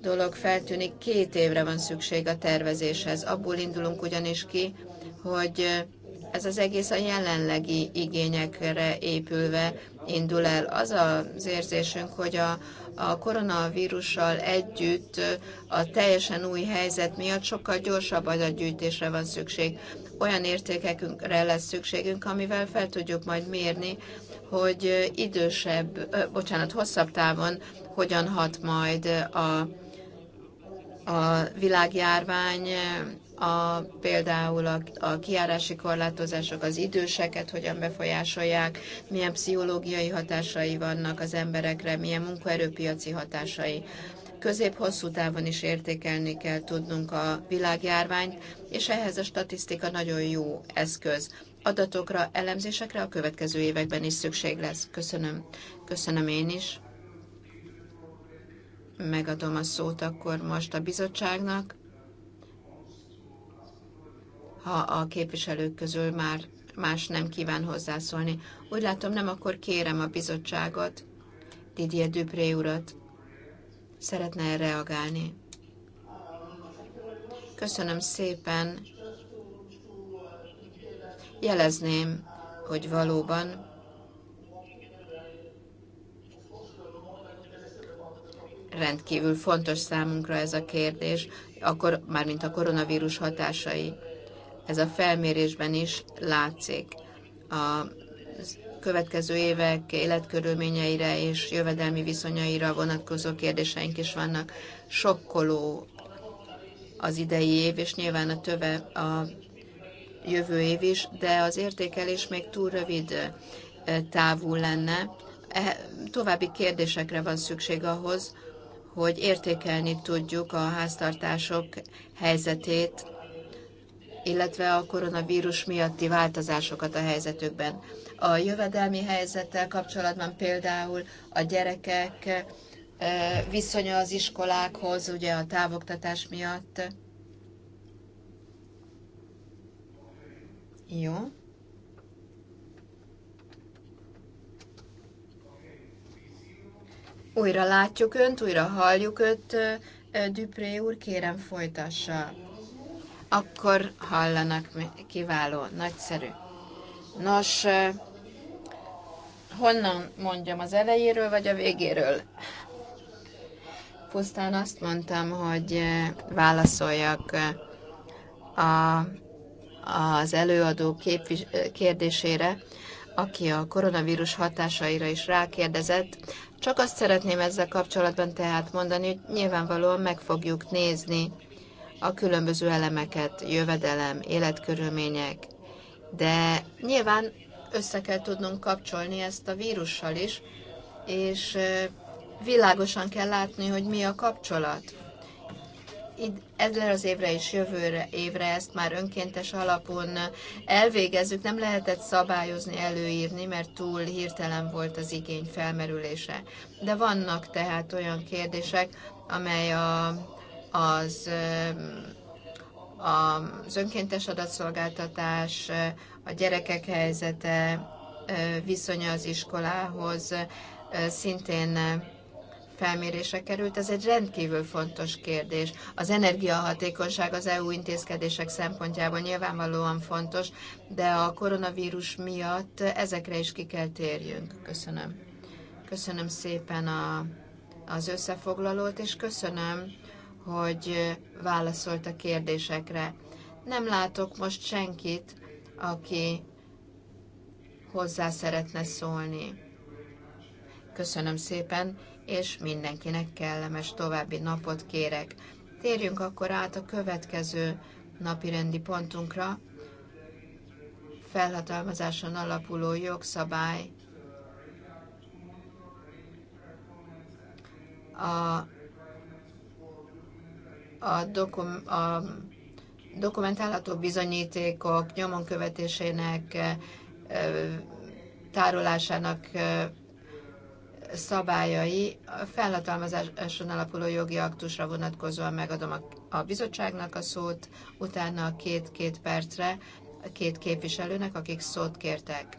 dolog feltűnik, két évre van szükség a tervezéshez. Abból indulunk ugyanis ki, hogy ez az egész a jelenlegi igényekre épülve indul el. Az az érzésünk, hogy a, a koronavírussal együtt a teljesen új helyzet miatt sokkal gyorsabb adatgyűjtésre van szükség. Olyan értékekre lesz szükségünk, amivel fel tudjuk majd mérni, hogy idősebb, bocsánat, hosszabb távon hogyan hat majd a a világjárvány, a, például a, a kiárási korlátozások, az időseket hogyan befolyásolják, milyen pszichológiai hatásai vannak az emberekre, milyen munkaerőpiaci hatásai. Közép-hosszú távon is értékelni kell tudnunk a világjárványt, és ehhez a statisztika nagyon jó eszköz. Adatokra, elemzésekre a következő években is szükség lesz. Köszönöm. Köszönöm én is. Megadom a szót akkor most a bizottságnak. Ha a képviselők közül már más nem kíván hozzászólni. Úgy látom, nem, akkor kérem a bizottságot, Didier Dupré urat. Szeretne -e reagálni? Köszönöm szépen. Jelezném, hogy valóban rendkívül fontos számunkra ez a kérdés, akkor, mármint a koronavírus hatásai. Ez a felmérésben is látszik. A következő évek életkörülményeire és jövedelmi viszonyaira vonatkozó kérdéseink is vannak. Sokkoló az idei év, és nyilván a töve a jövő év is, de az értékelés még túl rövid távú lenne. E, további kérdésekre van szükség ahhoz, hogy értékelni tudjuk a háztartások helyzetét, illetve a koronavírus miatti változásokat a helyzetükben. A jövedelmi helyzettel kapcsolatban például a gyerekek e, viszonya az iskolákhoz, ugye a távoktatás miatt. Jó. Újra látjuk önt, újra halljuk önt. Dupré úr, kérem folytassa. Akkor hallanak, kiváló, nagyszerű. Nos, honnan mondjam, az elejéről vagy a végéről? Pusztán azt mondtam, hogy válaszoljak a, az előadó képvis, kérdésére, aki a koronavírus hatásaira is rákérdezett. Csak azt szeretném ezzel kapcsolatban tehát mondani, hogy nyilvánvalóan meg fogjuk nézni a különböző elemeket, jövedelem, életkörülmények, de nyilván össze kell tudnunk kapcsolni ezt a vírussal is, és világosan kell látni, hogy mi a kapcsolat ezzel az évre és jövő évre ezt már önkéntes alapon elvégezzük. Nem lehetett szabályozni, előírni, mert túl hirtelen volt az igény felmerülése. De vannak tehát olyan kérdések, amely a, az, az önkéntes adatszolgáltatás, a gyerekek helyzete, viszonya az iskolához szintén felmérésre került. Ez egy rendkívül fontos kérdés. Az energiahatékonyság az EU intézkedések szempontjából nyilvánvalóan fontos, de a koronavírus miatt ezekre is ki kell térjünk. Köszönöm. Köszönöm szépen a, az összefoglalót, és köszönöm, hogy válaszolt a kérdésekre. Nem látok most senkit, aki hozzá szeretne szólni. Köszönöm szépen és mindenkinek kellemes további napot kérek. Térjünk akkor át a következő napirendi pontunkra, felhatalmazáson alapuló jogszabály a, a, dokum, a dokumentálható bizonyítékok nyomon követésének, tárolásának szabályai a felhatalmazáson alapuló jogi aktusra vonatkozóan megadom a, a bizottságnak a szót, utána a két-két percre a két képviselőnek, akik szót kértek.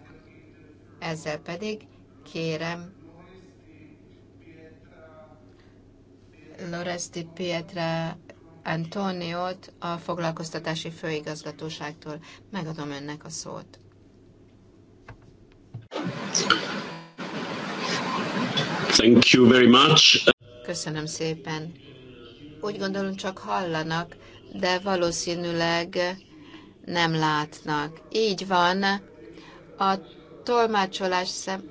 Ezzel pedig kérem Loresti Pietra Antoniót a foglalkoztatási főigazgatóságtól. Megadom önnek a szót. Thank you very much. Köszönöm szépen. Úgy gondolom, csak hallanak, de valószínűleg nem látnak. Így van, a tolmácsolás szem...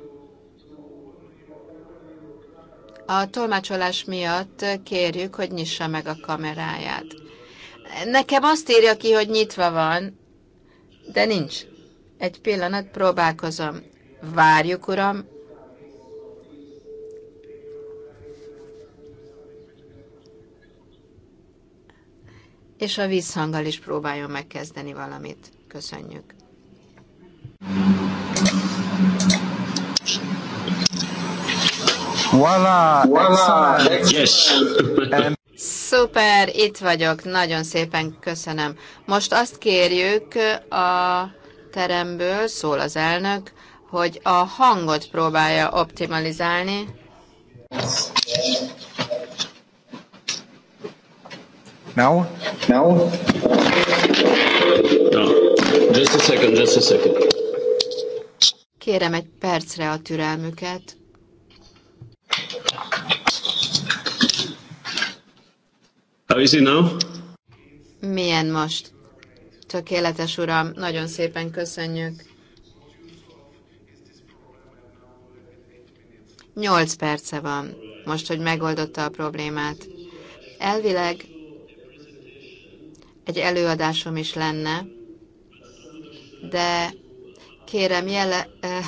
A tolmácsolás miatt kérjük, hogy nyissa meg a kameráját. Nekem azt írja ki, hogy nyitva van, de nincs. Egy pillanat, próbálkozom. Várjuk, uram, és a vízhanggal is próbáljon megkezdeni valamit. Köszönjük. Voilà, voilà. Yes. Szuper, itt vagyok, nagyon szépen köszönöm. Most azt kérjük a teremből, szól az elnök, hogy a hangot próbálja optimalizálni. Now? Now? No. Just a second, just a second. Kérem egy percre a türelmüket. How is it now? Milyen most? Tökéletes, uram. Nagyon szépen köszönjük. Nyolc perce van, most, hogy megoldotta a problémát. Elvileg egy előadásom is lenne, de kérem, jele, eh,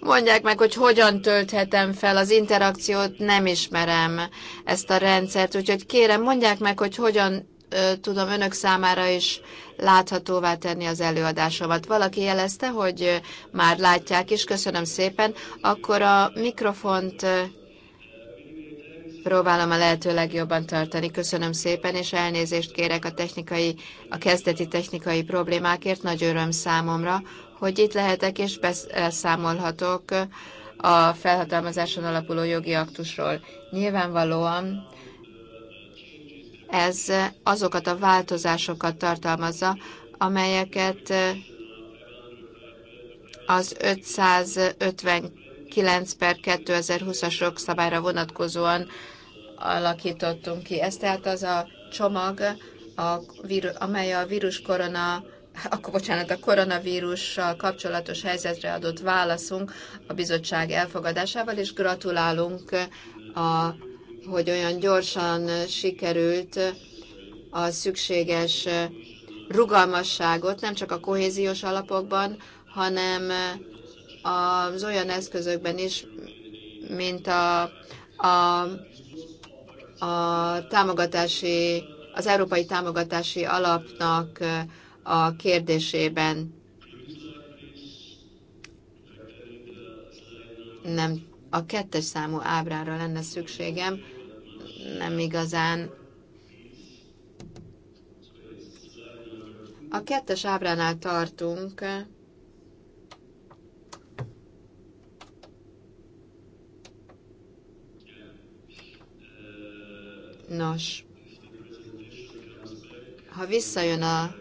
mondják meg, hogy hogyan tölthetem fel az interakciót, nem ismerem ezt a rendszert, úgyhogy kérem, mondják meg, hogy hogyan eh, tudom önök számára is láthatóvá tenni az előadásomat. Valaki jelezte, hogy eh, már látják is, köszönöm szépen. Akkor a mikrofont próbálom a lehető legjobban tartani. Köszönöm szépen, és elnézést kérek a, technikai, a kezdeti technikai problémákért. Nagy öröm számomra, hogy itt lehetek és beszámolhatok a felhatalmazáson alapuló jogi aktusról. Nyilvánvalóan ez azokat a változásokat tartalmazza, amelyeket az 552 9 per 2020-as jogszabályra vonatkozóan alakítottunk ki. Ez tehát az a csomag, a víru, amely a vírus korona (laughs) akkor bocsánat, a koronavírussal kapcsolatos helyzetre adott válaszunk a bizottság elfogadásával, és gratulálunk, a, hogy olyan gyorsan sikerült a szükséges rugalmasságot nem csak a kohéziós alapokban, hanem az olyan eszközökben is, mint a, a, a támogatási, az európai támogatási alapnak a kérdésében nem a kettes számú ábrára lenne szükségem, nem igazán. A kettes ábránál tartunk. Nos, ha visszajön a,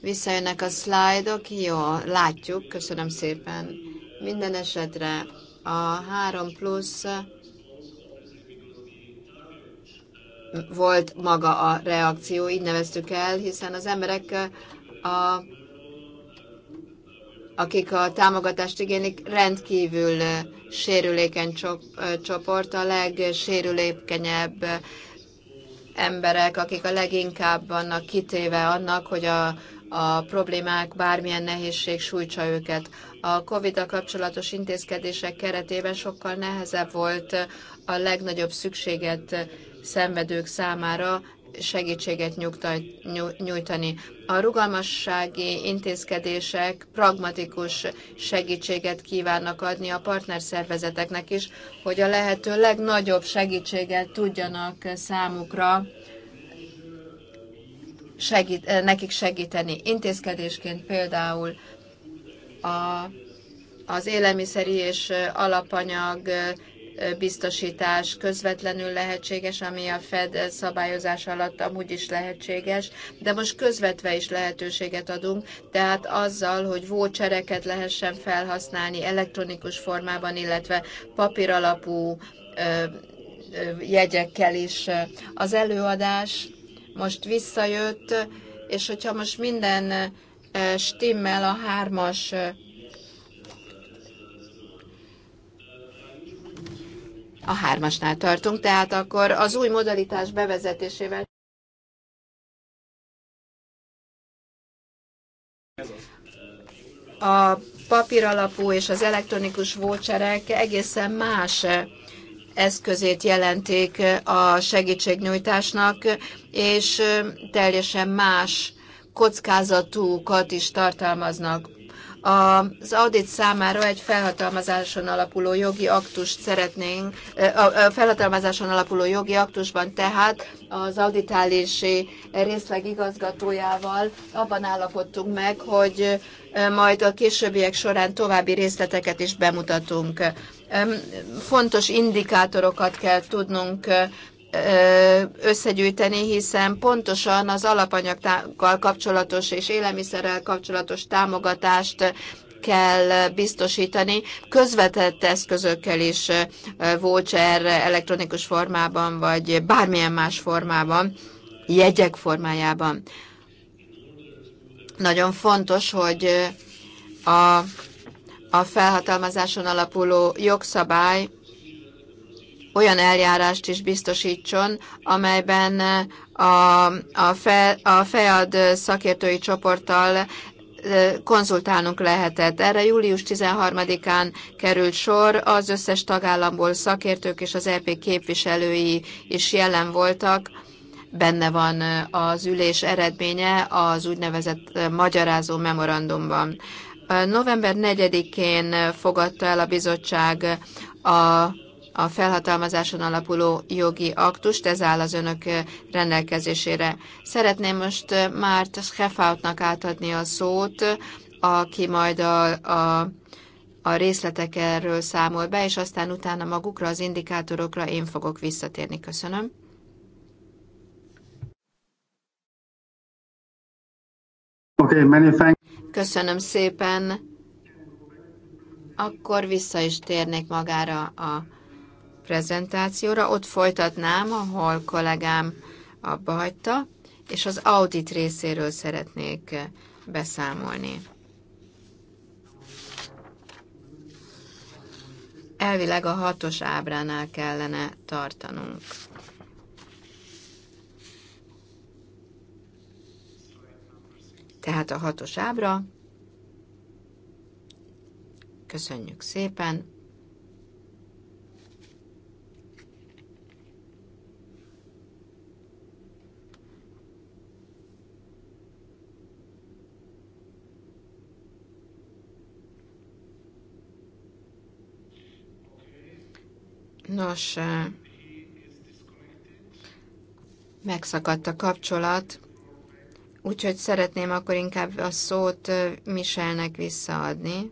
visszajönnek a szlájdok, jó, látjuk, köszönöm szépen. Minden esetre a 3 plusz volt maga a reakció, így neveztük el, hiszen az emberek a akik a támogatást igénylik, rendkívül sérülékeny csoport, a legsérülékenyebb emberek, akik a leginkább vannak kitéve annak, hogy a, a problémák, bármilyen nehézség sújtsa őket. A covid kapcsolatos intézkedések keretében sokkal nehezebb volt a legnagyobb szükséget szenvedők számára segítséget nyújtani. A rugalmassági intézkedések pragmatikus segítséget kívánnak adni a partnerszervezeteknek is, hogy a lehető legnagyobb segítséget tudjanak számukra segít, eh, nekik segíteni. Intézkedésként például a, az élelmiszeri és alapanyag biztosítás közvetlenül lehetséges, ami a Fed szabályozás alatt amúgy is lehetséges, de most közvetve is lehetőséget adunk, tehát azzal, hogy vouchereket lehessen felhasználni elektronikus formában, illetve papíralapú jegyekkel is. Az előadás most visszajött, és hogyha most minden stimmel a hármas a hármasnál tartunk, tehát akkor az új modalitás bevezetésével a papíralapú és az elektronikus voucherek egészen más eszközét jelentik a segítségnyújtásnak, és teljesen más kockázatúkat is tartalmaznak az audit számára egy felhatalmazáson alapuló jogi aktust szeretnénk, felhatalmazáson alapuló jogi aktusban tehát az auditálési részleg igazgatójával abban állapodtunk meg, hogy majd a későbbiek során további részleteket is bemutatunk. Fontos indikátorokat kell tudnunk összegyűjteni, hiszen pontosan az alapanyaggal kapcsolatos és élelmiszerrel kapcsolatos támogatást kell biztosítani, közvetett eszközökkel is, voucher elektronikus formában, vagy bármilyen más formában, jegyek formájában. Nagyon fontos, hogy a, a felhatalmazáson alapuló jogszabály olyan eljárást is biztosítson, amelyben eh, a, a, fe, a FEAD szakértői csoporttal eh, konzultálnunk lehetett. Erre július 13-án került sor, az összes tagállamból szakértők és az EP képviselői is jelen voltak. Benne van eh, az ülés eredménye az úgynevezett magyarázó memorandumban. November 4-én fogadta el a bizottság a a felhatalmazáson alapuló jogi aktust, ez áll az önök rendelkezésére. Szeretném most már Schefautnak átadni a szót, aki majd a, a a részletek erről számol be, és aztán utána magukra, az indikátorokra én fogok visszatérni. Köszönöm. Okay, many thanks. Köszönöm szépen. Akkor vissza is térnék magára a prezentációra. Ott folytatnám, ahol kollégám abba hagyta, és az audit részéről szeretnék beszámolni. Elvileg a hatos ábránál kellene tartanunk. Tehát a hatos ábra. Köszönjük szépen! Nos, megszakadt a kapcsolat, úgyhogy szeretném akkor inkább a szót Michelnek visszaadni.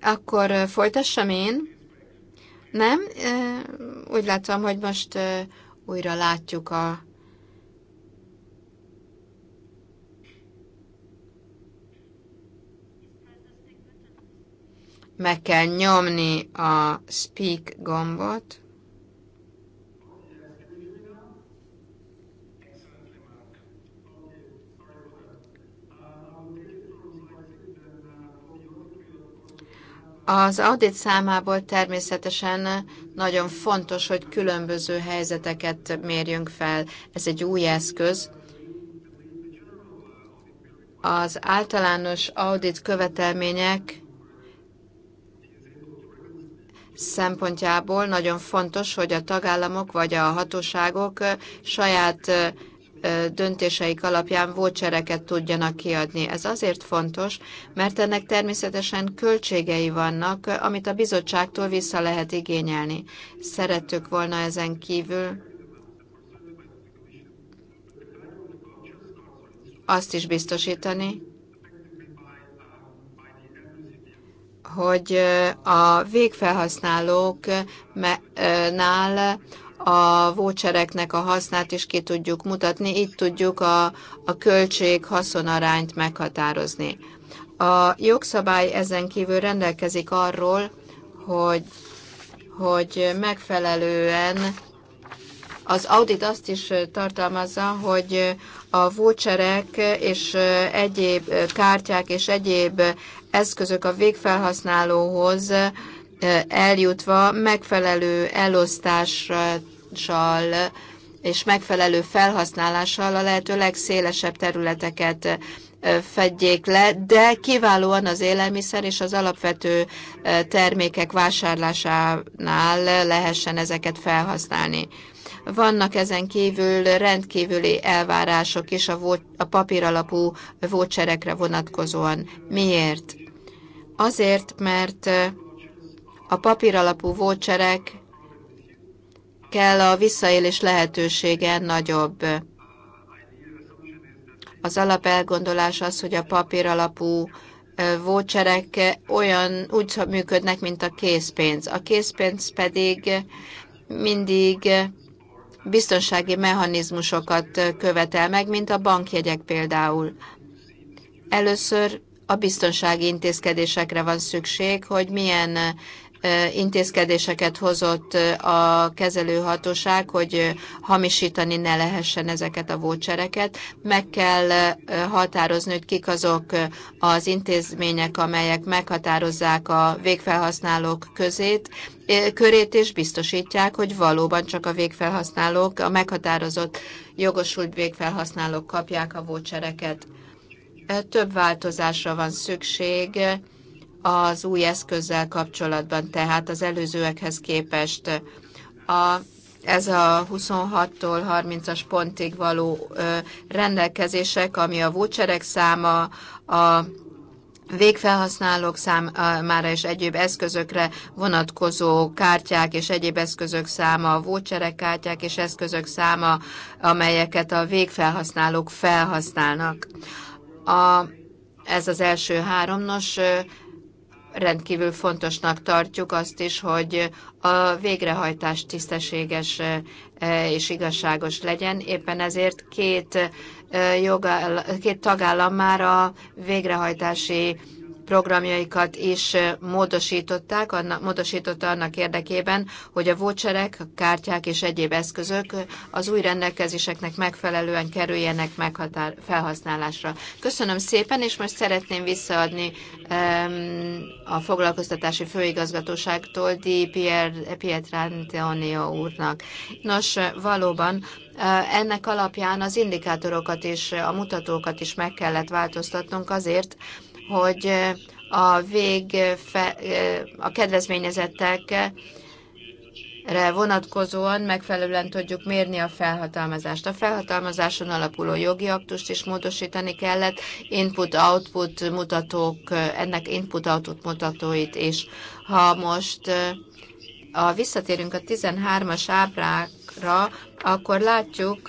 Akkor folytassam én? Nem? Úgy látom, hogy most újra látjuk a meg kell nyomni a speak gombot. Az audit számából természetesen nagyon fontos, hogy különböző helyzeteket mérjünk fel. Ez egy új eszköz. Az általános audit követelmények szempontjából nagyon fontos, hogy a tagállamok vagy a hatóságok saját döntéseik alapján vouchereket tudjanak kiadni. Ez azért fontos, mert ennek természetesen költségei vannak, amit a bizottságtól vissza lehet igényelni. Szerettük volna ezen kívül azt is biztosítani, hogy a végfelhasználóknál a vouchereknek a hasznát is ki tudjuk mutatni, így tudjuk a, a költség-haszonarányt meghatározni. A jogszabály ezen kívül rendelkezik arról, hogy, hogy megfelelően az audit azt is tartalmazza, hogy a voucherek és egyéb kártyák és egyéb eszközök a végfelhasználóhoz eljutva megfelelő elosztással és megfelelő felhasználással a lehető legszélesebb területeket fedjék le, de kiválóan az élelmiszer és az alapvető termékek vásárlásánál lehessen ezeket felhasználni. Vannak ezen kívül rendkívüli elvárások is a, vo- a papíralapú voucherekre vonatkozóan. Miért? Azért, mert a papíralapú voucherek kell a visszaélés lehetősége nagyobb. Az alapelgondolás az, hogy a papíralapú voucherek olyan úgy működnek, mint a készpénz. A készpénz pedig mindig biztonsági mechanizmusokat követel meg, mint a bankjegyek például. Először a biztonsági intézkedésekre van szükség, hogy milyen intézkedéseket hozott a kezelőhatóság, hogy hamisítani ne lehessen ezeket a vouchereket. Meg kell határozni, hogy kik azok az intézmények, amelyek meghatározzák a végfelhasználók közét, körét, és biztosítják, hogy valóban csak a végfelhasználók, a meghatározott jogosult végfelhasználók kapják a vouchereket. Több változásra van szükség az új eszközzel kapcsolatban, tehát az előzőekhez képest. A, ez a 26-tól 30-as pontig való rendelkezések, ami a voucherek száma, a végfelhasználók számára és egyéb eszközökre vonatkozó kártyák és egyéb eszközök száma, a voucherek kártyák és eszközök száma, amelyeket a végfelhasználók felhasználnak. A, ez az első három. Nos, rendkívül fontosnak tartjuk azt is, hogy a végrehajtás tisztességes e, és igazságos legyen. Éppen ezért két, e, jogáll, két tagállam már a végrehajtási programjaikat is módosították, annak, módosította annak érdekében, hogy a voucherek, kártyák és egyéb eszközök az új rendelkezéseknek megfelelően kerüljenek meghatár, felhasználásra. Köszönöm szépen, és most szeretném visszaadni um, a foglalkoztatási főigazgatóságtól D. Pietrantonio úrnak. Nos, valóban ennek alapján az indikátorokat és a mutatókat is meg kellett változtatnunk azért, hogy a vég a kedvezményezettek vonatkozóan megfelelően tudjuk mérni a felhatalmazást. A felhatalmazáson alapuló jogi aktust is módosítani kellett, input-output mutatók, ennek input-output mutatóit is. Ha most a, visszatérünk a 13-as ábrákra, akkor látjuk,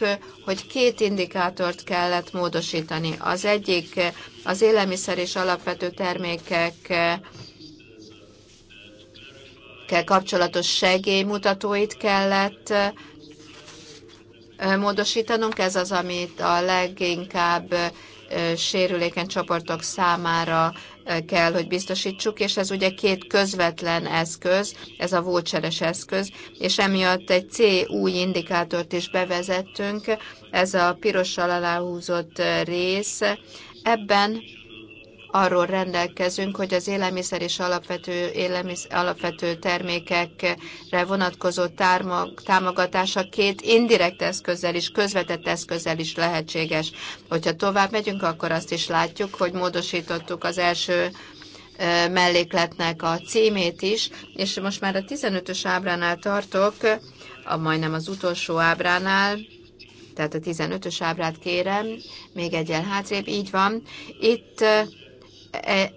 hogy két indikátort kellett módosítani. Az egyik az élelmiszer és alapvető termékek kapcsolatos segélymutatóit kellett módosítanunk. Ez az, amit a leginkább sérülékeny csoportok számára kell, hogy biztosítsuk, és ez ugye két közvetlen eszköz, ez a voucheres eszköz, és emiatt egy C új indikátort is bevezettünk, ez a pirossal aláhúzott rész. Ebben arról rendelkezünk, hogy az élelmiszer és alapvető, élelmiszer, alapvető termékekre vonatkozó tárma, támogatása két indirekt eszközzel is, közvetett eszközzel is lehetséges. Hogyha tovább megyünk, akkor azt is látjuk, hogy módosítottuk az első mellékletnek a címét is, és most már a 15-ös ábránál tartok, a majdnem az utolsó ábránál, tehát a 15-ös ábrát kérem, még egyel hátrébb, így van. Itt E,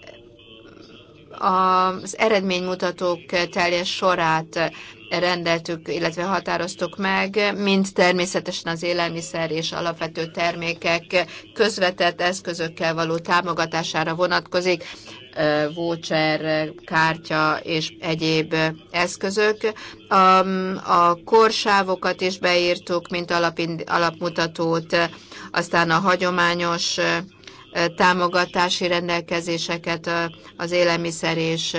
az eredménymutatók teljes sorát rendeltük, illetve határoztuk meg, mint természetesen az élelmiszer és alapvető termékek közvetett eszközökkel való támogatására vonatkozik, e, voucher, kártya és egyéb eszközök. A, a korsávokat is beírtuk, mint alapmutatót, aztán a hagyományos támogatási rendelkezéseket az élelmiszer és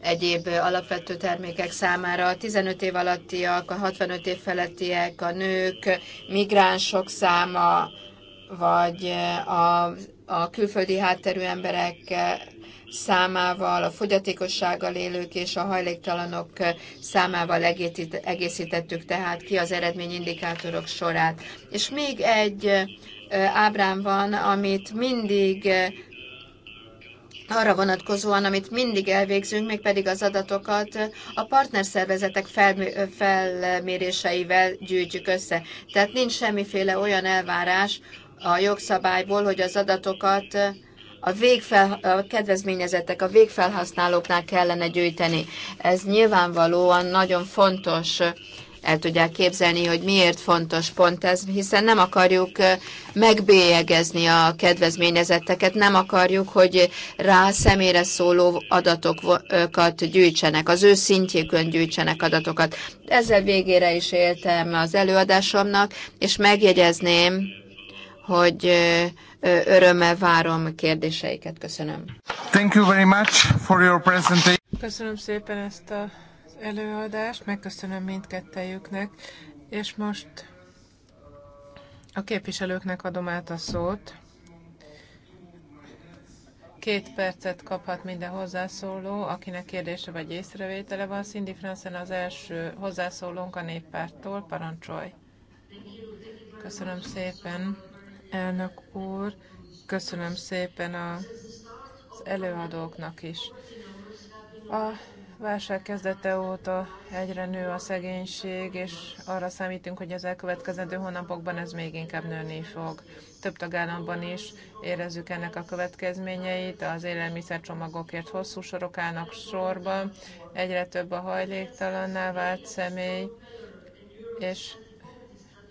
egyéb alapvető termékek számára. A 15 év alattiak, a 65 év felettiek, a nők, migránsok száma, vagy a, a külföldi hátterű emberek számával, a fogyatékossággal élők és a hajléktalanok számával egészítettük tehát ki az eredményindikátorok sorát. És még egy ábrán van, amit mindig arra vonatkozóan, amit mindig elvégzünk, mégpedig az adatokat a partnerszervezetek felméréseivel gyűjtjük össze. Tehát nincs semmiféle olyan elvárás a jogszabályból, hogy az adatokat a, végfel, a kedvezményezettek, a végfelhasználóknál kellene gyűjteni. Ez nyilvánvalóan nagyon fontos el tudják képzelni, hogy miért fontos pont ez, hiszen nem akarjuk megbélyegezni a kedvezményezetteket, nem akarjuk, hogy rá személyre szóló adatokat gyűjtsenek, az ő szintjükön gyűjtsenek adatokat. Ezzel végére is éltem az előadásomnak, és megjegyezném, hogy örömmel várom kérdéseiket. Köszönöm. Thank you very much for your presentation. Köszönöm szépen ezt a előadást, megköszönöm mindkettejüknek, és most a képviselőknek adom át a szót. Két percet kaphat minden hozzászóló, akinek kérdése vagy észrevétele van. Cindy Franzen az első hozzászólónk a néppárttól. Parancsolj! Köszönöm szépen, elnök úr! Köszönöm szépen az előadóknak is. A válság kezdete óta egyre nő a szegénység, és arra számítunk, hogy az elkövetkezendő hónapokban ez még inkább nőni fog. Több tagállamban is érezzük ennek a következményeit, az élelmiszercsomagokért hosszú sorok állnak sorba, egyre több a hajléktalanná vált személy, és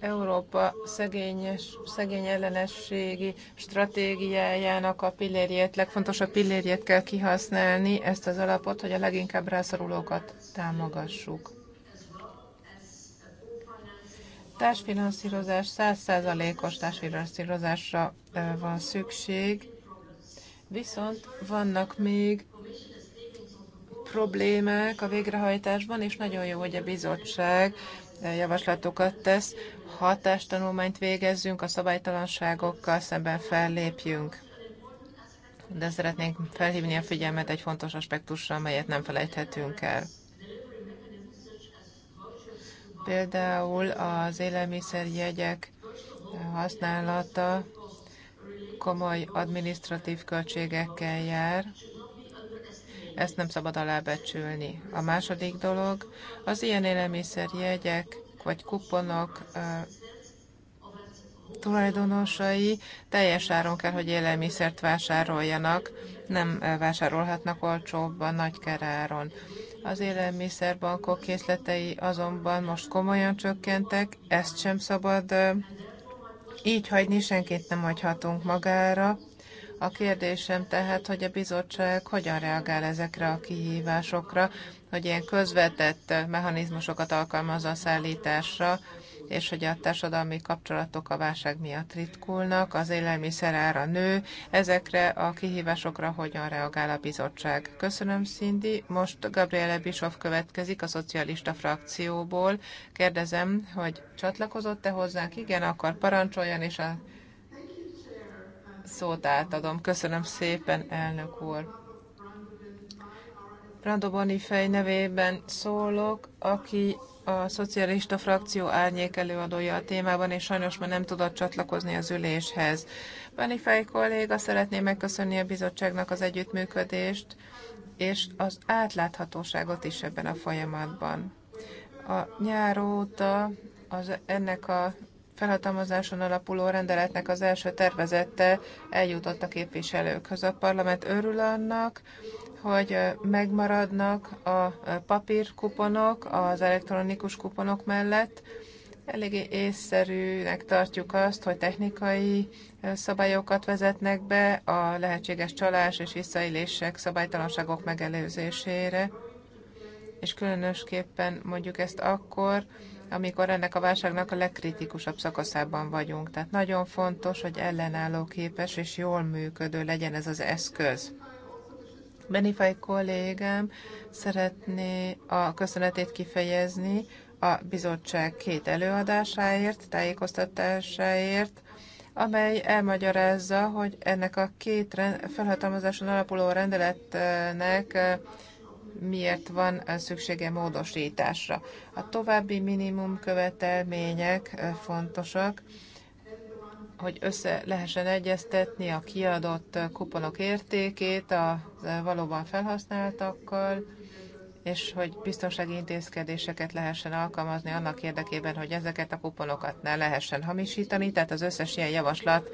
Európa szegényes, szegény ellenességi stratégiájának a pillérjét, legfontosabb pillérjét kell kihasználni, ezt az alapot, hogy a leginkább rászorulókat támogassuk. Társfinanszírozás, százszázalékos társfinanszírozásra van szükség, viszont vannak még problémák a végrehajtásban, és nagyon jó, hogy a bizottság javaslatokat tesz hatástanulmányt végezzünk, a szabálytalanságokkal szemben fellépjünk. De szeretnénk felhívni a figyelmet egy fontos aspektusra, amelyet nem felejthetünk el. Például az élelmiszerjegyek használata komoly administratív költségekkel jár, ezt nem szabad alábecsülni. A második dolog, az ilyen élelmiszerjegyek vagy kuponok tulajdonosai teljes áron kell, hogy élelmiszert vásároljanak, nem vásárolhatnak olcsóbban, nagy keráron. Az élelmiszerbankok készletei azonban most komolyan csökkentek, ezt sem szabad így hagyni, senkit nem hagyhatunk magára. A kérdésem tehát, hogy a bizottság hogyan reagál ezekre a kihívásokra, hogy ilyen közvetett mechanizmusokat alkalmaz a szállításra, és hogy a társadalmi kapcsolatok a válság miatt ritkulnak, az élelmiszer ára nő. Ezekre a kihívásokra hogyan reagál a bizottság? Köszönöm, Cindy. Most Gabriele Bischoff következik a szocialista frakcióból. Kérdezem, hogy csatlakozott-e hozzánk? Igen, akkor parancsoljon, és a szót átadom. Köszönöm szépen, elnök úr. Radoboni Fej nevében szólok, aki a szocialista frakció árnyék előadója a témában, és sajnos már nem tudott csatlakozni az üléshez. Bani Fej kolléga szeretné megköszönni a bizottságnak az együttműködést, és az átláthatóságot is ebben a folyamatban. A nyár óta az, ennek a felhatalmazáson alapuló rendeletnek az első tervezette eljutott a képviselőkhöz. A parlament örül annak, hogy megmaradnak a papírkuponok az elektronikus kuponok mellett. Eléggé észszerűnek tartjuk azt, hogy technikai szabályokat vezetnek be a lehetséges csalás és visszaélések, szabálytalanságok megelőzésére, és különösképpen mondjuk ezt akkor, amikor ennek a válságnak a legkritikusabb szakaszában vagyunk. Tehát nagyon fontos, hogy ellenálló képes és jól működő legyen ez az eszköz. Benifai kollégám szeretné a köszönetét kifejezni a bizottság két előadásáért, tájékoztatásáért, amely elmagyarázza, hogy ennek a két felhatalmazáson alapuló rendeletnek miért van szüksége módosításra. A további minimum követelmények fontosak hogy össze lehessen egyeztetni a kiadott kuponok értékét a valóban felhasználtakkal, és hogy biztonsági intézkedéseket lehessen alkalmazni annak érdekében, hogy ezeket a kuponokat ne lehessen hamisítani, tehát az összes ilyen javaslat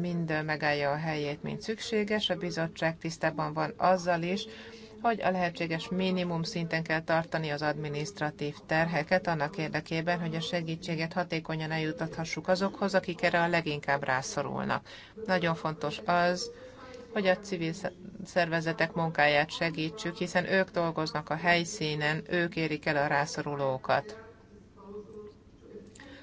mind megállja a helyét, mint szükséges. A bizottság tisztában van azzal is, hogy a lehetséges minimum szinten kell tartani az adminisztratív terheket annak érdekében, hogy a segítséget hatékonyan eljutathassuk azokhoz, akik erre a leginkább rászorulnak. Nagyon fontos az, hogy a civil szervezetek munkáját segítsük, hiszen ők dolgoznak a helyszínen, ők érik el a rászorulókat.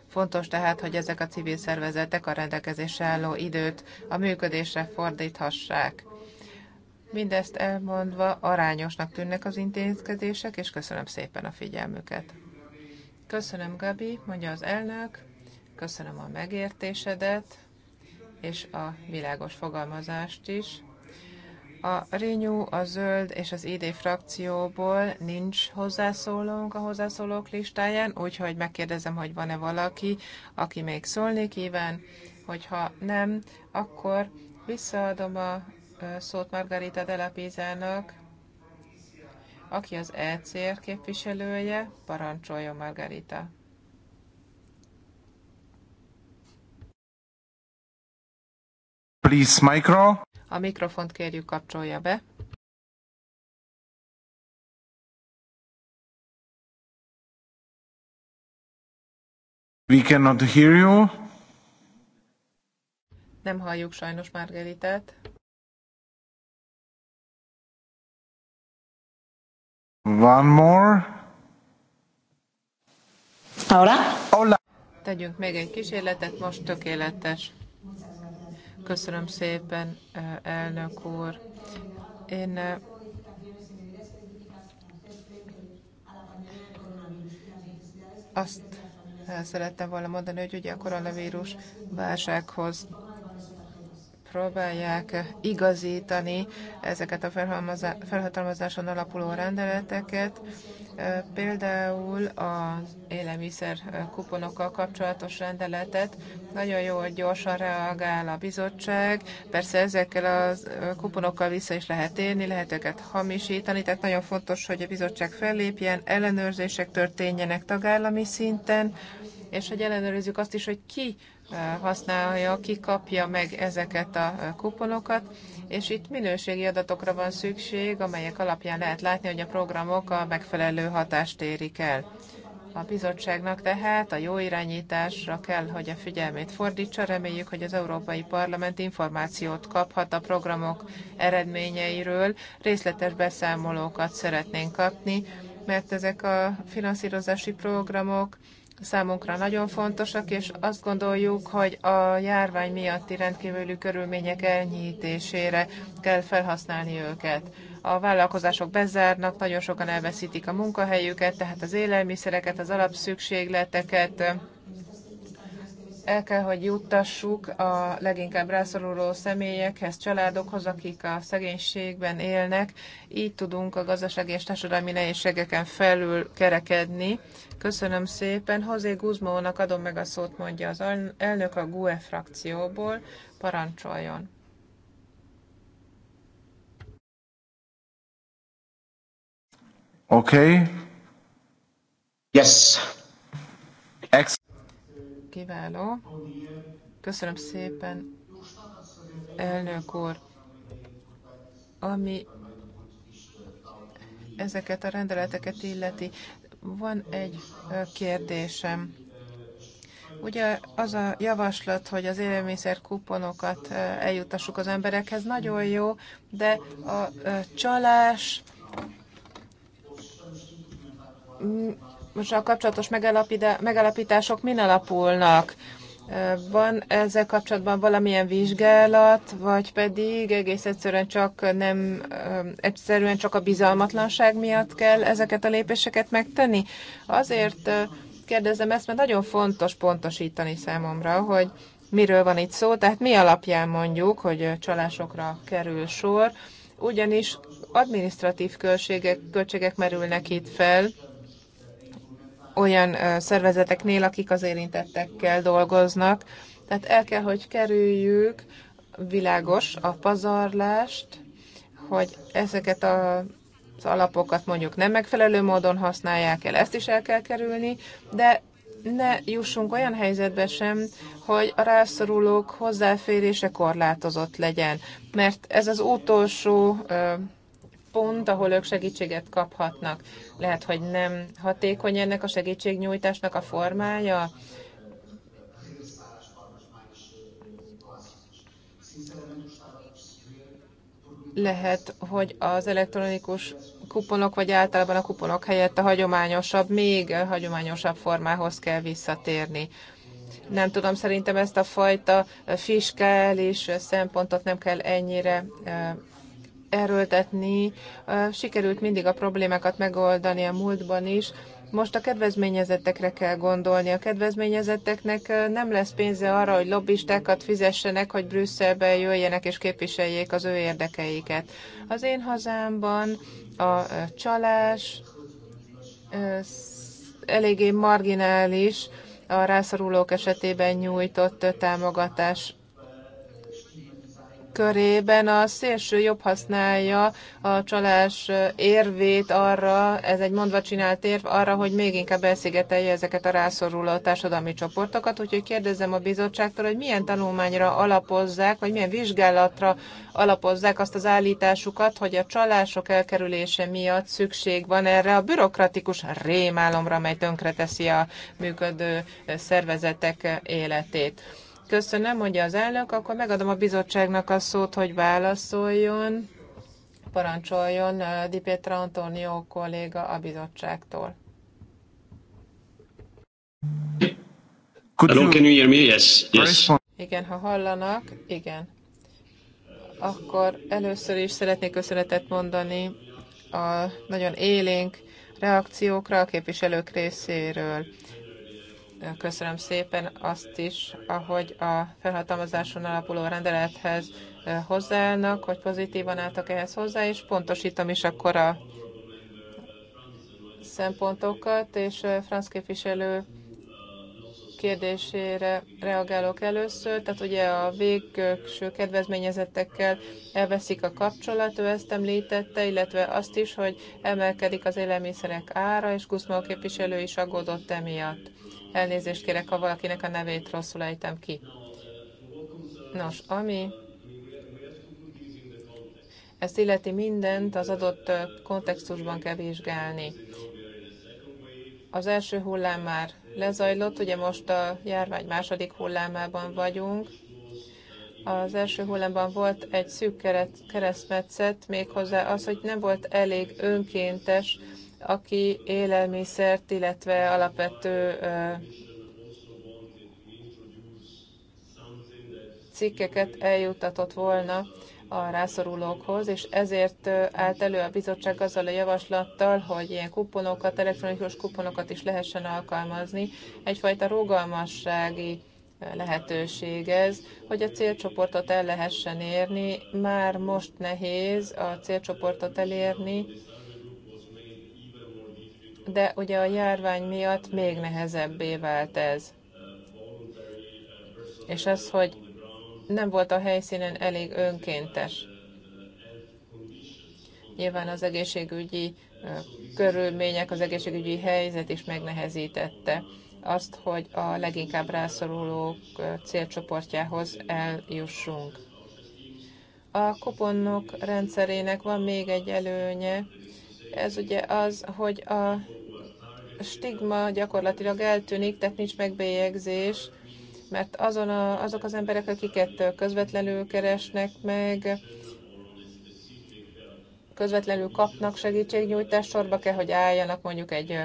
Fontos tehát, hogy ezek a civil szervezetek a rendelkezésre álló időt a működésre fordíthassák. Mindezt elmondva arányosnak tűnnek az intézkedések, és köszönöm szépen a figyelmüket. Köszönöm, Gabi, mondja az elnök, köszönöm a megértésedet, és a világos fogalmazást is. A Renew, a Zöld és az ID frakcióból nincs hozzászólónk a hozzászólók listáján, úgyhogy megkérdezem, hogy van-e valaki, aki még szólni kíván. Hogyha nem, akkor visszaadom a szót Margarita Delapízának, aki az ECR képviselője. Parancsoljon, Margarita! Please, micro. A mikrofont kérjük kapcsolja be. We cannot hear you. Nem halljuk sajnos Margaritát. One more. Hola. Hola. Tegyünk még egy kísérletet, most tökéletes. Köszönöm szépen, elnök úr. Én azt szerettem volna mondani, hogy ugye a koronavírus válsághoz próbálják igazítani ezeket a felhatalmazáson alapuló rendeleteket. Például az élelmiszer kuponokkal kapcsolatos rendeletet nagyon jó, hogy gyorsan reagál a bizottság. Persze ezekkel a kuponokkal vissza is lehet élni, lehet őket hamisítani, tehát nagyon fontos, hogy a bizottság fellépjen, ellenőrzések történjenek tagállami szinten, és hogy ellenőrizzük azt is, hogy ki használja, ki kapja meg ezeket a kuponokat, és itt minőségi adatokra van szükség, amelyek alapján lehet látni, hogy a programok a megfelelő hatást érik el. A bizottságnak tehát a jó irányításra kell, hogy a figyelmét fordítsa. Reméljük, hogy az Európai Parlament információt kaphat a programok eredményeiről. Részletes beszámolókat szeretnénk kapni, mert ezek a finanszírozási programok számunkra nagyon fontosak, és azt gondoljuk, hogy a járvány miatti rendkívüli körülmények elnyítésére kell felhasználni őket. A vállalkozások bezárnak, nagyon sokan elveszítik a munkahelyüket, tehát az élelmiszereket, az alapszükségleteket, el kell, hogy juttassuk a leginkább rászoruló személyekhez, családokhoz, akik a szegénységben élnek. Így tudunk a gazdasági és társadalmi nehézségeken felül kerekedni. Köszönöm szépen. Hozé Guzmónak adom meg a szót, mondja az elnök a GUE frakcióból. Parancsoljon. Okay. Yes. Excellent kiváló. Köszönöm szépen, elnök úr. Ami ezeket a rendeleteket illeti, van egy kérdésem. Ugye az a javaslat, hogy az élelmiszer kuponokat eljutassuk az emberekhez, nagyon jó, de a csalás most a kapcsolatos megalapítások min alapulnak? Van ezzel kapcsolatban valamilyen vizsgálat, vagy pedig egész egyszerűen csak nem, egyszerűen csak a bizalmatlanság miatt kell ezeket a lépéseket megtenni? Azért kérdezem ezt, mert nagyon fontos pontosítani számomra, hogy miről van itt szó, tehát mi alapján mondjuk, hogy csalásokra kerül sor, ugyanis administratív költségek, költségek merülnek itt fel, olyan szervezeteknél, akik az érintettekkel dolgoznak. Tehát el kell, hogy kerüljük világos a pazarlást, hogy ezeket a az alapokat mondjuk nem megfelelő módon használják el, ezt is el kell kerülni, de ne jussunk olyan helyzetbe sem, hogy a rászorulók hozzáférése korlátozott legyen, mert ez az utolsó pont, ahol ők segítséget kaphatnak. Lehet, hogy nem hatékony ennek a segítségnyújtásnak a formája, lehet, hogy az elektronikus kuponok, vagy általában a kuponok helyett a hagyományosabb, még hagyományosabb formához kell visszatérni. Nem tudom, szerintem ezt a fajta fiskális szempontot nem kell ennyire eh, erőltetni. Sikerült mindig a problémákat megoldani a múltban is. Most a kedvezményezettekre kell gondolni. A kedvezményezetteknek nem lesz pénze arra, hogy lobbistákat fizessenek, hogy Brüsszelbe jöjjenek és képviseljék az ő érdekeiket. Az én hazámban a csalás eléggé marginális, a rászorulók esetében nyújtott támogatás körében a szélső jobb használja a csalás érvét arra, ez egy mondva csinált érv arra, hogy még inkább elszigetelje ezeket a rászoruló társadalmi csoportokat. Úgyhogy kérdezem a bizottságtól, hogy milyen tanulmányra alapozzák, vagy milyen vizsgálatra alapozzák azt az állításukat, hogy a csalások elkerülése miatt szükség van erre a bürokratikus rémálomra, amely tönkreteszi a működő szervezetek életét. Köszönöm, mondja az elnök, akkor megadom a bizottságnak a szót, hogy válaszoljon, parancsoljon uh, Di Pietra Antonio kolléga a bizottságtól. Hello, can you hear me? Yes, yes. Igen, ha hallanak, igen. Akkor először is szeretnék köszönetet mondani a nagyon élénk reakciókra a képviselők részéről köszönöm szépen azt is, ahogy a felhatalmazáson alapuló rendelethez hozzáállnak, hogy pozitívan álltak ehhez hozzá, és pontosítom is akkor a szempontokat, és Franz képviselő kérdésére reagálok először. Tehát ugye a végső kedvezményezettekkel elveszik a kapcsolat, ő ezt említette, illetve azt is, hogy emelkedik az élelmiszerek ára, és Guzmán képviselő is aggódott emiatt. Elnézést kérek, ha valakinek a nevét rosszul ejtem ki. Nos, ami ezt illeti mindent az adott kontextusban kell vizsgálni. Az első hullám már lezajlott, ugye most a járvány második hullámában vagyunk. Az első hullámban volt egy szűk keresztmetszet, méghozzá az, hogy nem volt elég önkéntes aki élelmiszert, illetve alapvető cikkeket eljuttatott volna a rászorulókhoz, és ezért állt elő a bizottság azzal a javaslattal, hogy ilyen kuponokat, elektronikus kuponokat is lehessen alkalmazni. Egyfajta rugalmassági lehetőség ez, hogy a célcsoportot el lehessen érni. Már most nehéz a célcsoportot elérni, de ugye a járvány miatt még nehezebbé vált ez. És az, hogy nem volt a helyszínen elég önkéntes. Nyilván az egészségügyi körülmények, az egészségügyi helyzet is megnehezítette azt, hogy a leginkább rászorulók célcsoportjához eljussunk. A kuponok rendszerének van még egy előnye, ez ugye az, hogy a stigma gyakorlatilag eltűnik, tehát nincs megbélyegzés, mert azon a, azok az emberek, akiket közvetlenül keresnek meg, közvetlenül kapnak segítségnyújtást, sorba kell, hogy álljanak mondjuk egy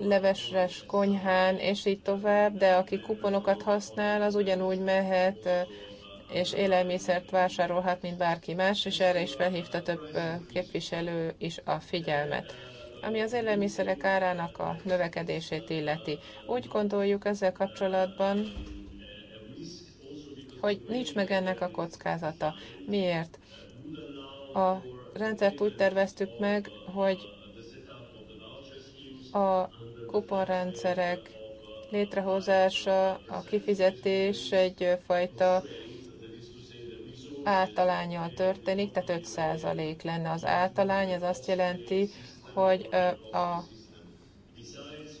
levesres konyhán, és így tovább, de aki kuponokat használ, az ugyanúgy mehet és élelmiszert vásárolhat, mint bárki más, és erre is felhívta több képviselő is a figyelmet ami az élelmiszerek árának a növekedését illeti. Úgy gondoljuk ezzel kapcsolatban, hogy nincs meg ennek a kockázata. Miért? A rendszert úgy terveztük meg, hogy a kuponrendszerek létrehozása, a kifizetés egyfajta általányal történik, tehát 5 százalék lenne az általány, ez azt jelenti, hogy a,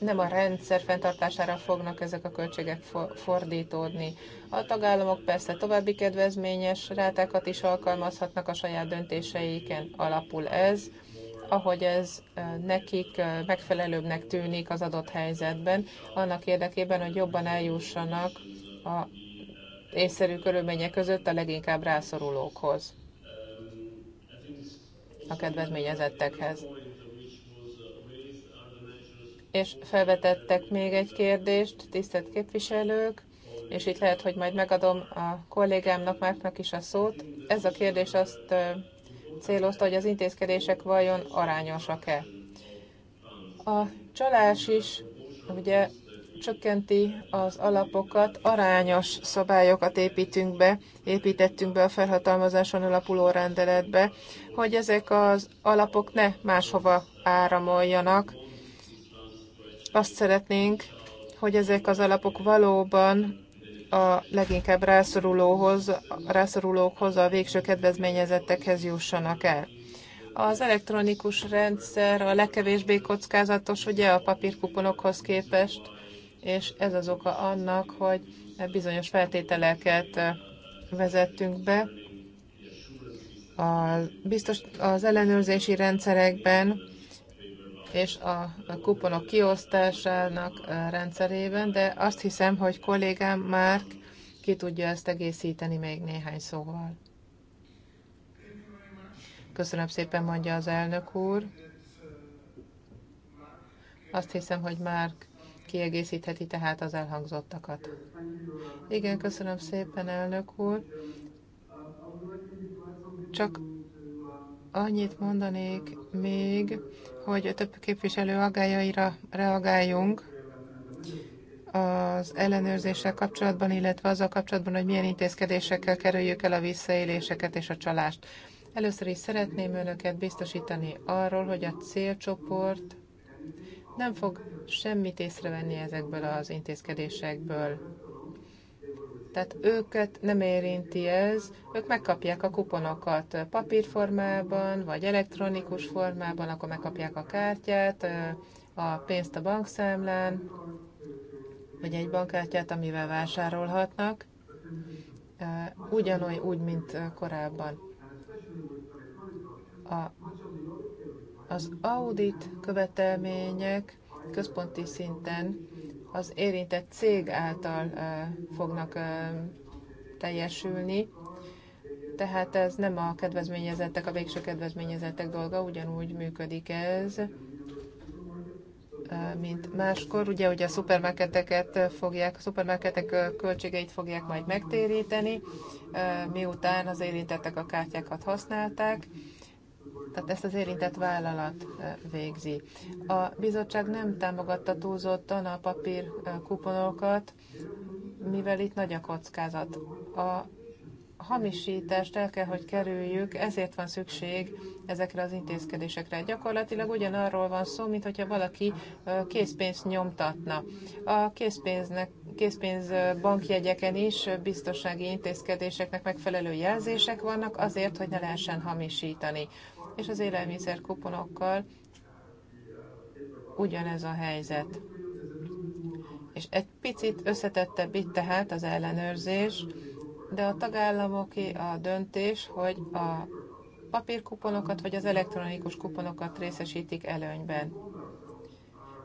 nem a rendszer fenntartására fognak ezek a költségek fordítódni. A tagállamok persze további kedvezményes rátákat is alkalmazhatnak a saját döntéseiken alapul ez, ahogy ez nekik megfelelőbbnek tűnik az adott helyzetben, annak érdekében, hogy jobban eljussanak a észszerű körülmények között a leginkább rászorulókhoz, a kedvezményezettekhez. És felvetettek még egy kérdést, tisztelt képviselők, és itt lehet, hogy majd megadom a kollégámnak, Márknak is a szót. Ez a kérdés azt célozta, hogy az intézkedések vajon arányosak-e. A csalás is ugye csökkenti az alapokat, arányos szabályokat építünk be, építettünk be a felhatalmazáson alapuló rendeletbe, hogy ezek az alapok ne máshova áramoljanak. Azt szeretnénk, hogy ezek az alapok valóban a leginkább rászorulóhoz, rászorulókhoz, a végső kedvezményezettekhez jussanak el. Az elektronikus rendszer a legkevésbé kockázatos, ugye a papírkuponokhoz képest, és ez az oka annak, hogy bizonyos feltételeket eh, vezettünk be a, biztos az ellenőrzési rendszerekben és a kuponok kiosztásának eh, rendszerében, de azt hiszem, hogy kollégám már ki tudja ezt egészíteni még néhány szóval. Köszönöm szépen, mondja az elnök úr. Azt hiszem, hogy Márk kiegészítheti tehát az elhangzottakat. Igen, köszönöm szépen, elnök úr. Csak annyit mondanék még, hogy a több képviselő agájaira reagáljunk az ellenőrzéssel kapcsolatban, illetve azzal kapcsolatban, hogy milyen intézkedésekkel kerüljük el a visszaéléseket és a csalást. Először is szeretném önöket biztosítani arról, hogy a célcsoport nem fog semmit észrevenni ezekből az intézkedésekből. Tehát őket nem érinti ez, ők megkapják a kuponokat papírformában, vagy elektronikus formában, akkor megkapják a kártyát, a pénzt a bankszámlán, vagy egy bankkártyát, amivel vásárolhatnak, ugyanúgy, úgy, mint korábban. A az audit követelmények központi szinten az érintett cég által fognak teljesülni, tehát ez nem a kedvezményezettek, a végső kedvezményezettek dolga, ugyanúgy működik ez, mint máskor. Ugye, hogy a szupermarketeket fogják, a szupermarketek költségeit fogják majd megtéríteni, miután az érintettek a kártyákat használták, tehát ezt az érintett vállalat végzi. A bizottság nem támogatta túlzottan a papír kuponokat, mivel itt nagy a kockázat. A hamisítást el kell, hogy kerüljük, ezért van szükség ezekre az intézkedésekre. Gyakorlatilag ugyanarról van szó, mint hogyha valaki készpénzt nyomtatna. A készpénznek, készpénz bankjegyeken is biztonsági intézkedéseknek megfelelő jelzések vannak azért, hogy ne lehessen hamisítani és az élelmiszer kuponokkal ugyanez a helyzet. És egy picit összetettebb itt tehát az ellenőrzés, de a tagállamoké a döntés, hogy a papírkuponokat vagy az elektronikus kuponokat részesítik előnyben.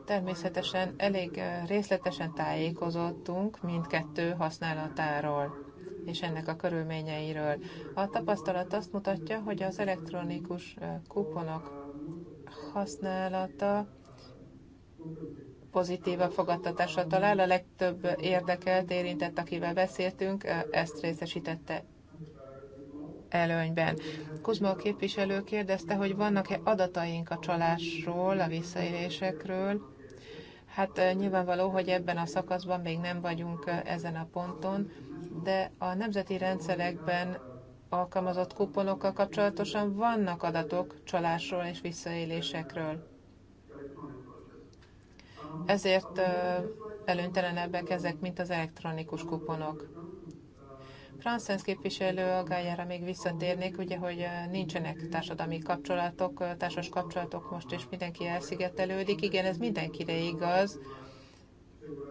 Természetesen elég részletesen tájékozottunk mindkettő használatáról és ennek a körülményeiről. A tapasztalat azt mutatja, hogy az elektronikus kuponok használata pozitívabb fogadtatásra talál. A legtöbb érdekelt, érintett, akivel beszéltünk, ezt részesítette előnyben. Kuzma a képviselő kérdezte, hogy vannak-e adataink a csalásról, a visszaélésekről, Hát nyilvánvaló, hogy ebben a szakaszban még nem vagyunk ezen a ponton, de a nemzeti rendszerekben alkalmazott kuponokkal kapcsolatosan vannak adatok csalásról és visszaélésekről. Ezért előnytelenebbek ezek, mint az elektronikus kuponok. Franszensz képviselő aggájára még visszatérnék, ugye, hogy eh, nincsenek társadalmi kapcsolatok, eh, társas kapcsolatok most is mindenki elszigetelődik. Igen, ez mindenkire igaz.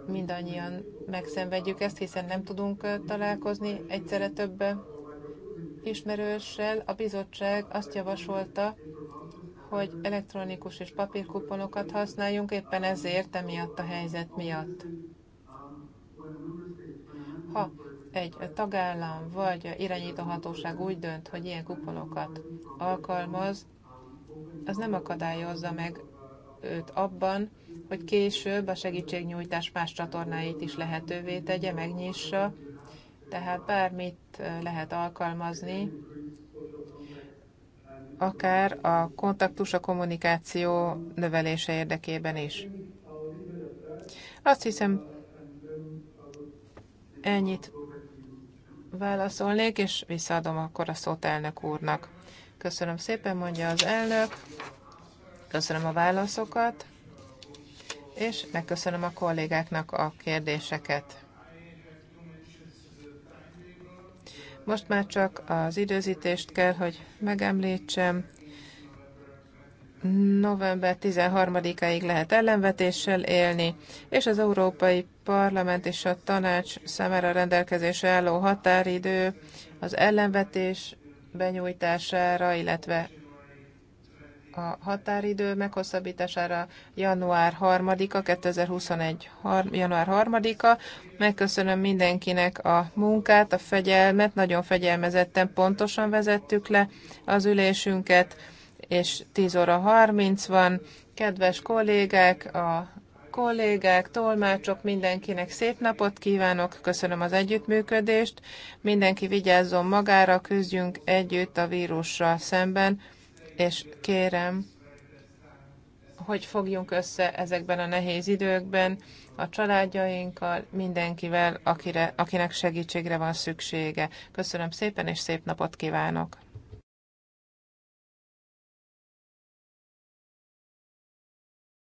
Mindannyian megszenvedjük ezt, hiszen nem tudunk eh, találkozni egyszerre több ismerőssel. A bizottság azt javasolta, hogy elektronikus és papírkuponokat használjunk, éppen ezért, emiatt a helyzet miatt. Ha egy tagállam vagy irányító hatóság úgy dönt, hogy ilyen kuponokat alkalmaz, az nem akadályozza meg őt abban, hogy később a segítségnyújtás más csatornáit is lehetővé tegye, megnyissa, tehát bármit lehet alkalmazni, akár a kontaktus, a kommunikáció növelése érdekében is. Azt hiszem, ennyit válaszolnék, és visszaadom akkor a szót elnök úrnak. Köszönöm szépen, mondja az elnök. Köszönöm a válaszokat, és megköszönöm a kollégáknak a kérdéseket. Most már csak az időzítést kell, hogy megemlítsem november 13-áig lehet ellenvetéssel élni, és az Európai Parlament és a Tanács számára rendelkezésre álló határidő az ellenvetés benyújtására, illetve a határidő meghosszabbítására január 3-a, 2021. január 3-a. Megköszönöm mindenkinek a munkát, a fegyelmet, nagyon fegyelmezetten pontosan vezettük le az ülésünket és 10 óra 30 van. Kedves kollégák, a kollégák, tolmácsok, mindenkinek szép napot kívánok, köszönöm az együttműködést, mindenki vigyázzon magára, küzdjünk együtt a vírussal szemben, és kérem, hogy fogjunk össze ezekben a nehéz időkben a családjainkkal, mindenkivel, akire, akinek segítségre van szüksége. Köszönöm szépen, és szép napot kívánok!